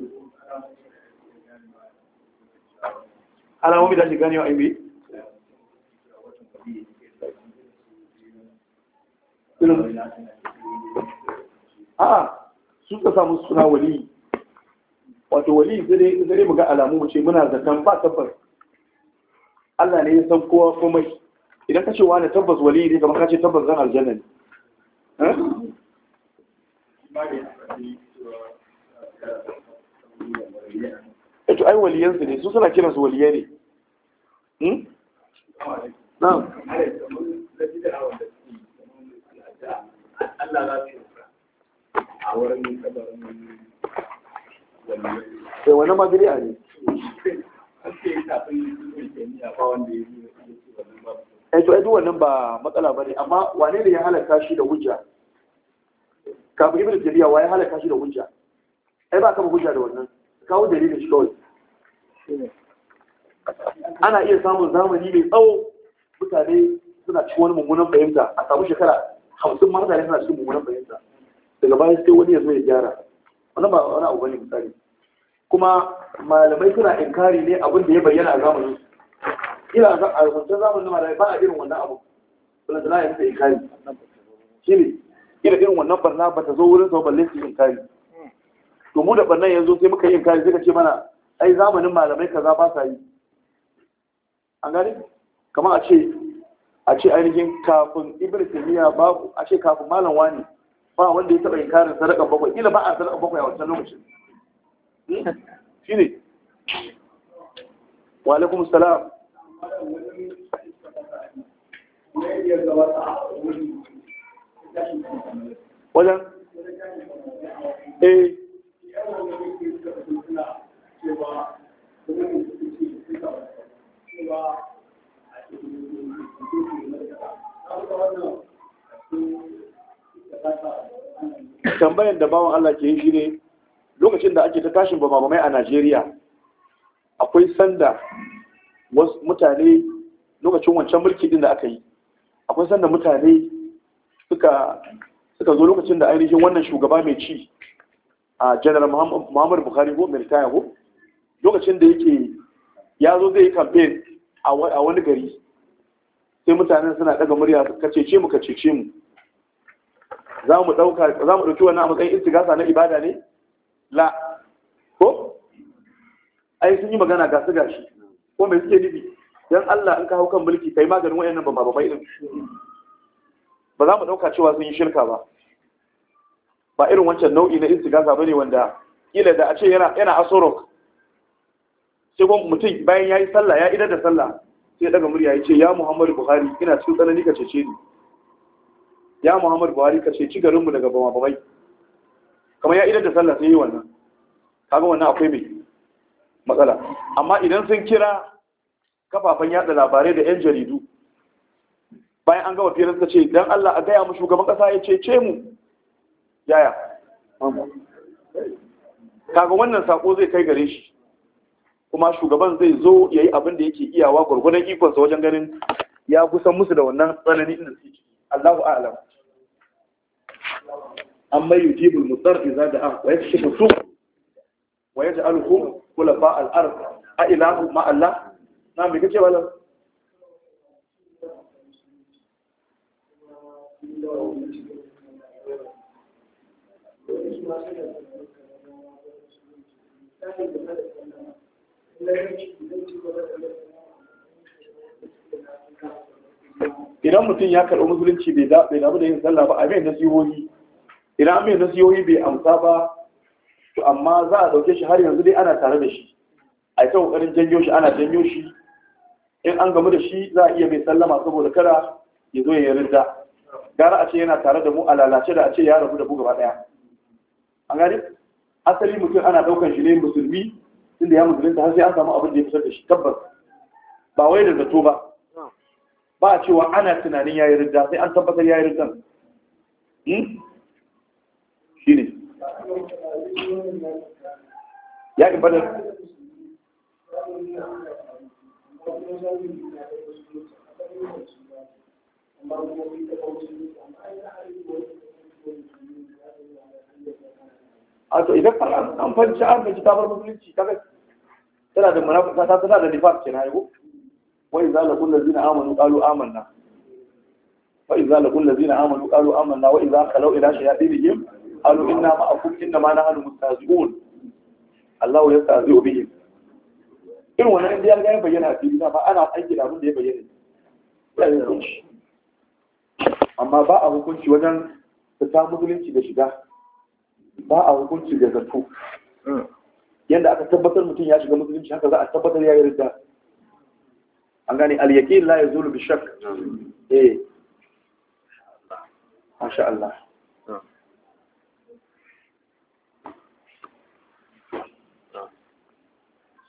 ala wani shi gane wa aibi a'a su ka samu suna wali wato wali zai mu ga alamu ce muna zaton ba tabbas Allah ne ya san kowa komai idan ka ce ne tabbas wali ne kamar ka ce tabbas zan aljanna ne eto eh? eh ai waliyansu ne su suna kiransu waliyai ne hmm? na'am sai eh, wani mabiri a ne ai eh, to ai duk wannan ba matsala bane amma wane ne ya halaka shi da hujja kafin ibnu jabiya wa ya halaka shi da hujja ai ba kama hujja da wannan kawo dalilin shi kawai ana iya samun zamani mai tsawo mutane suna cikin wani mummunan fahimta a samu shekara hamsin ma mutane suna cikin mummunan fahimta daga bayan sai wani ya zo ya gyara wannan ba wani abu bane misali kuma malamai suna inkari ne abin da ya bayyana a zamanin kila a wancan zamanin malamai ba a irin wannan abu bala da yanzu da ikari shi ne kila irin wannan barna ba ta zo wurin sau balle su inkari to mu da barnan yanzu sai muka yi inkari sai ka ce mana ai zamanin malamai kaza ba sa yi an gani kamar a ce a ce ainihin kafin Ibrahim taymiya babu a ce kafin malam wani ba wanda ya taba inkarin sadaka bakwai kila ba a sadaka bakwai a wancan lokacin hmm? shine wa alaikum salam wajen eh tambayan da bawan Allah ke yi shi ne lokacin da ake ta tashin bamamai a Najeriya akwai sanda mutane lokacin wancan mulki din da aka yi akwai sanda mutane suka zo lokacin da ainihin wannan shugaba mai ci a general muhammadu buhari ko militaya ko lokacin da yake ya zo zai yi campaign a wani gari sai mutanen suna daga murya ka cece mu ka cece mu za mu ɗauki wannan a matsayin istigasa na ibada ne la ko ai sun yi magana gasu gashi ko mai suke nufi don Allah in ka hau kan mulki kai maganin wayannan ba ba ba irin ba za mu dauka cewa sun yi shirka ba ba irin wancan nau'i na istigasa bane wanda kila da a ce yana yana asorok sai kuma mutum bayan yayi sallah ya idar da sallah sai daga murya ya ce ya Muhammadu Buhari ina cikin tsanani ka cece ni ya Muhammadu Buhari ka ceci garinmu daga bama bamai kamar ya idar da sallah sai yi wannan kaga wannan akwai mai matsala amma idan sun kira kafafen yada labarai da 'yan jaridu bayan an gama firar ta ce don Allah a gaya mu shugaban kasa ya cece mu yaya kaga wannan sako zai kai gare shi kuma shugaban zai zo ya yi abin da yake iyawa gwargwadon ikonsa wajen ganin ya kusan musu da wannan tsanani inda suke ciki Allahu a'lam amma yujibul mutsar idza a. wa shi mutum? wa yaj'alukum khulafa al-ard a ilahu ma Allah na me kace wala idan mutum ya karɓi musulunci bai damu da yin sallah ba a mai nasihohi idan mai nasihohi bai amsa ba to amma za a dauke shi har yanzu dai ana tare da shi a yi ta kokarin janyo shi ana janyo shi in an gamu da shi za a iya mai sallama saboda kada ya zo ya rinda gara a ce yana tare da mu a lalace da a ce ya rabu da mu gaba daya an gani asali mutum ana daukan shi ne musulmi inda ya musulunta har sai an samu abin da ya fitar da shi tabbas ba wai da zato ba ba a cewa ana tunanin yayi rinda sai an tabbatar yayi rinda hmm? shi ne Ya yakin bane? a to idan fara an fanci an fanci ta bar musulunci kaga tana da munafika ta tana da ce na yi kenan yau wa idza da zina amanu kalu amanna wa idza da zina amanu kalu amanna wa idza khalu ila shayatinihim قالوا إنا معكم إنما نحن مستهزئون الله يستهزئ بهم إن وانا عندي ألقى يبينها في الله فأنا أجل أبن دي يبينها لا يكونش amma ba a hukunci wajen fita musulunci da shiga ba a hukunci da zato yadda aka tabbatar mutum ya shiga musulunci haka za a tabbatar ya yi ridda an gane al-yaqin la yazulu bi shakk eh masha Allah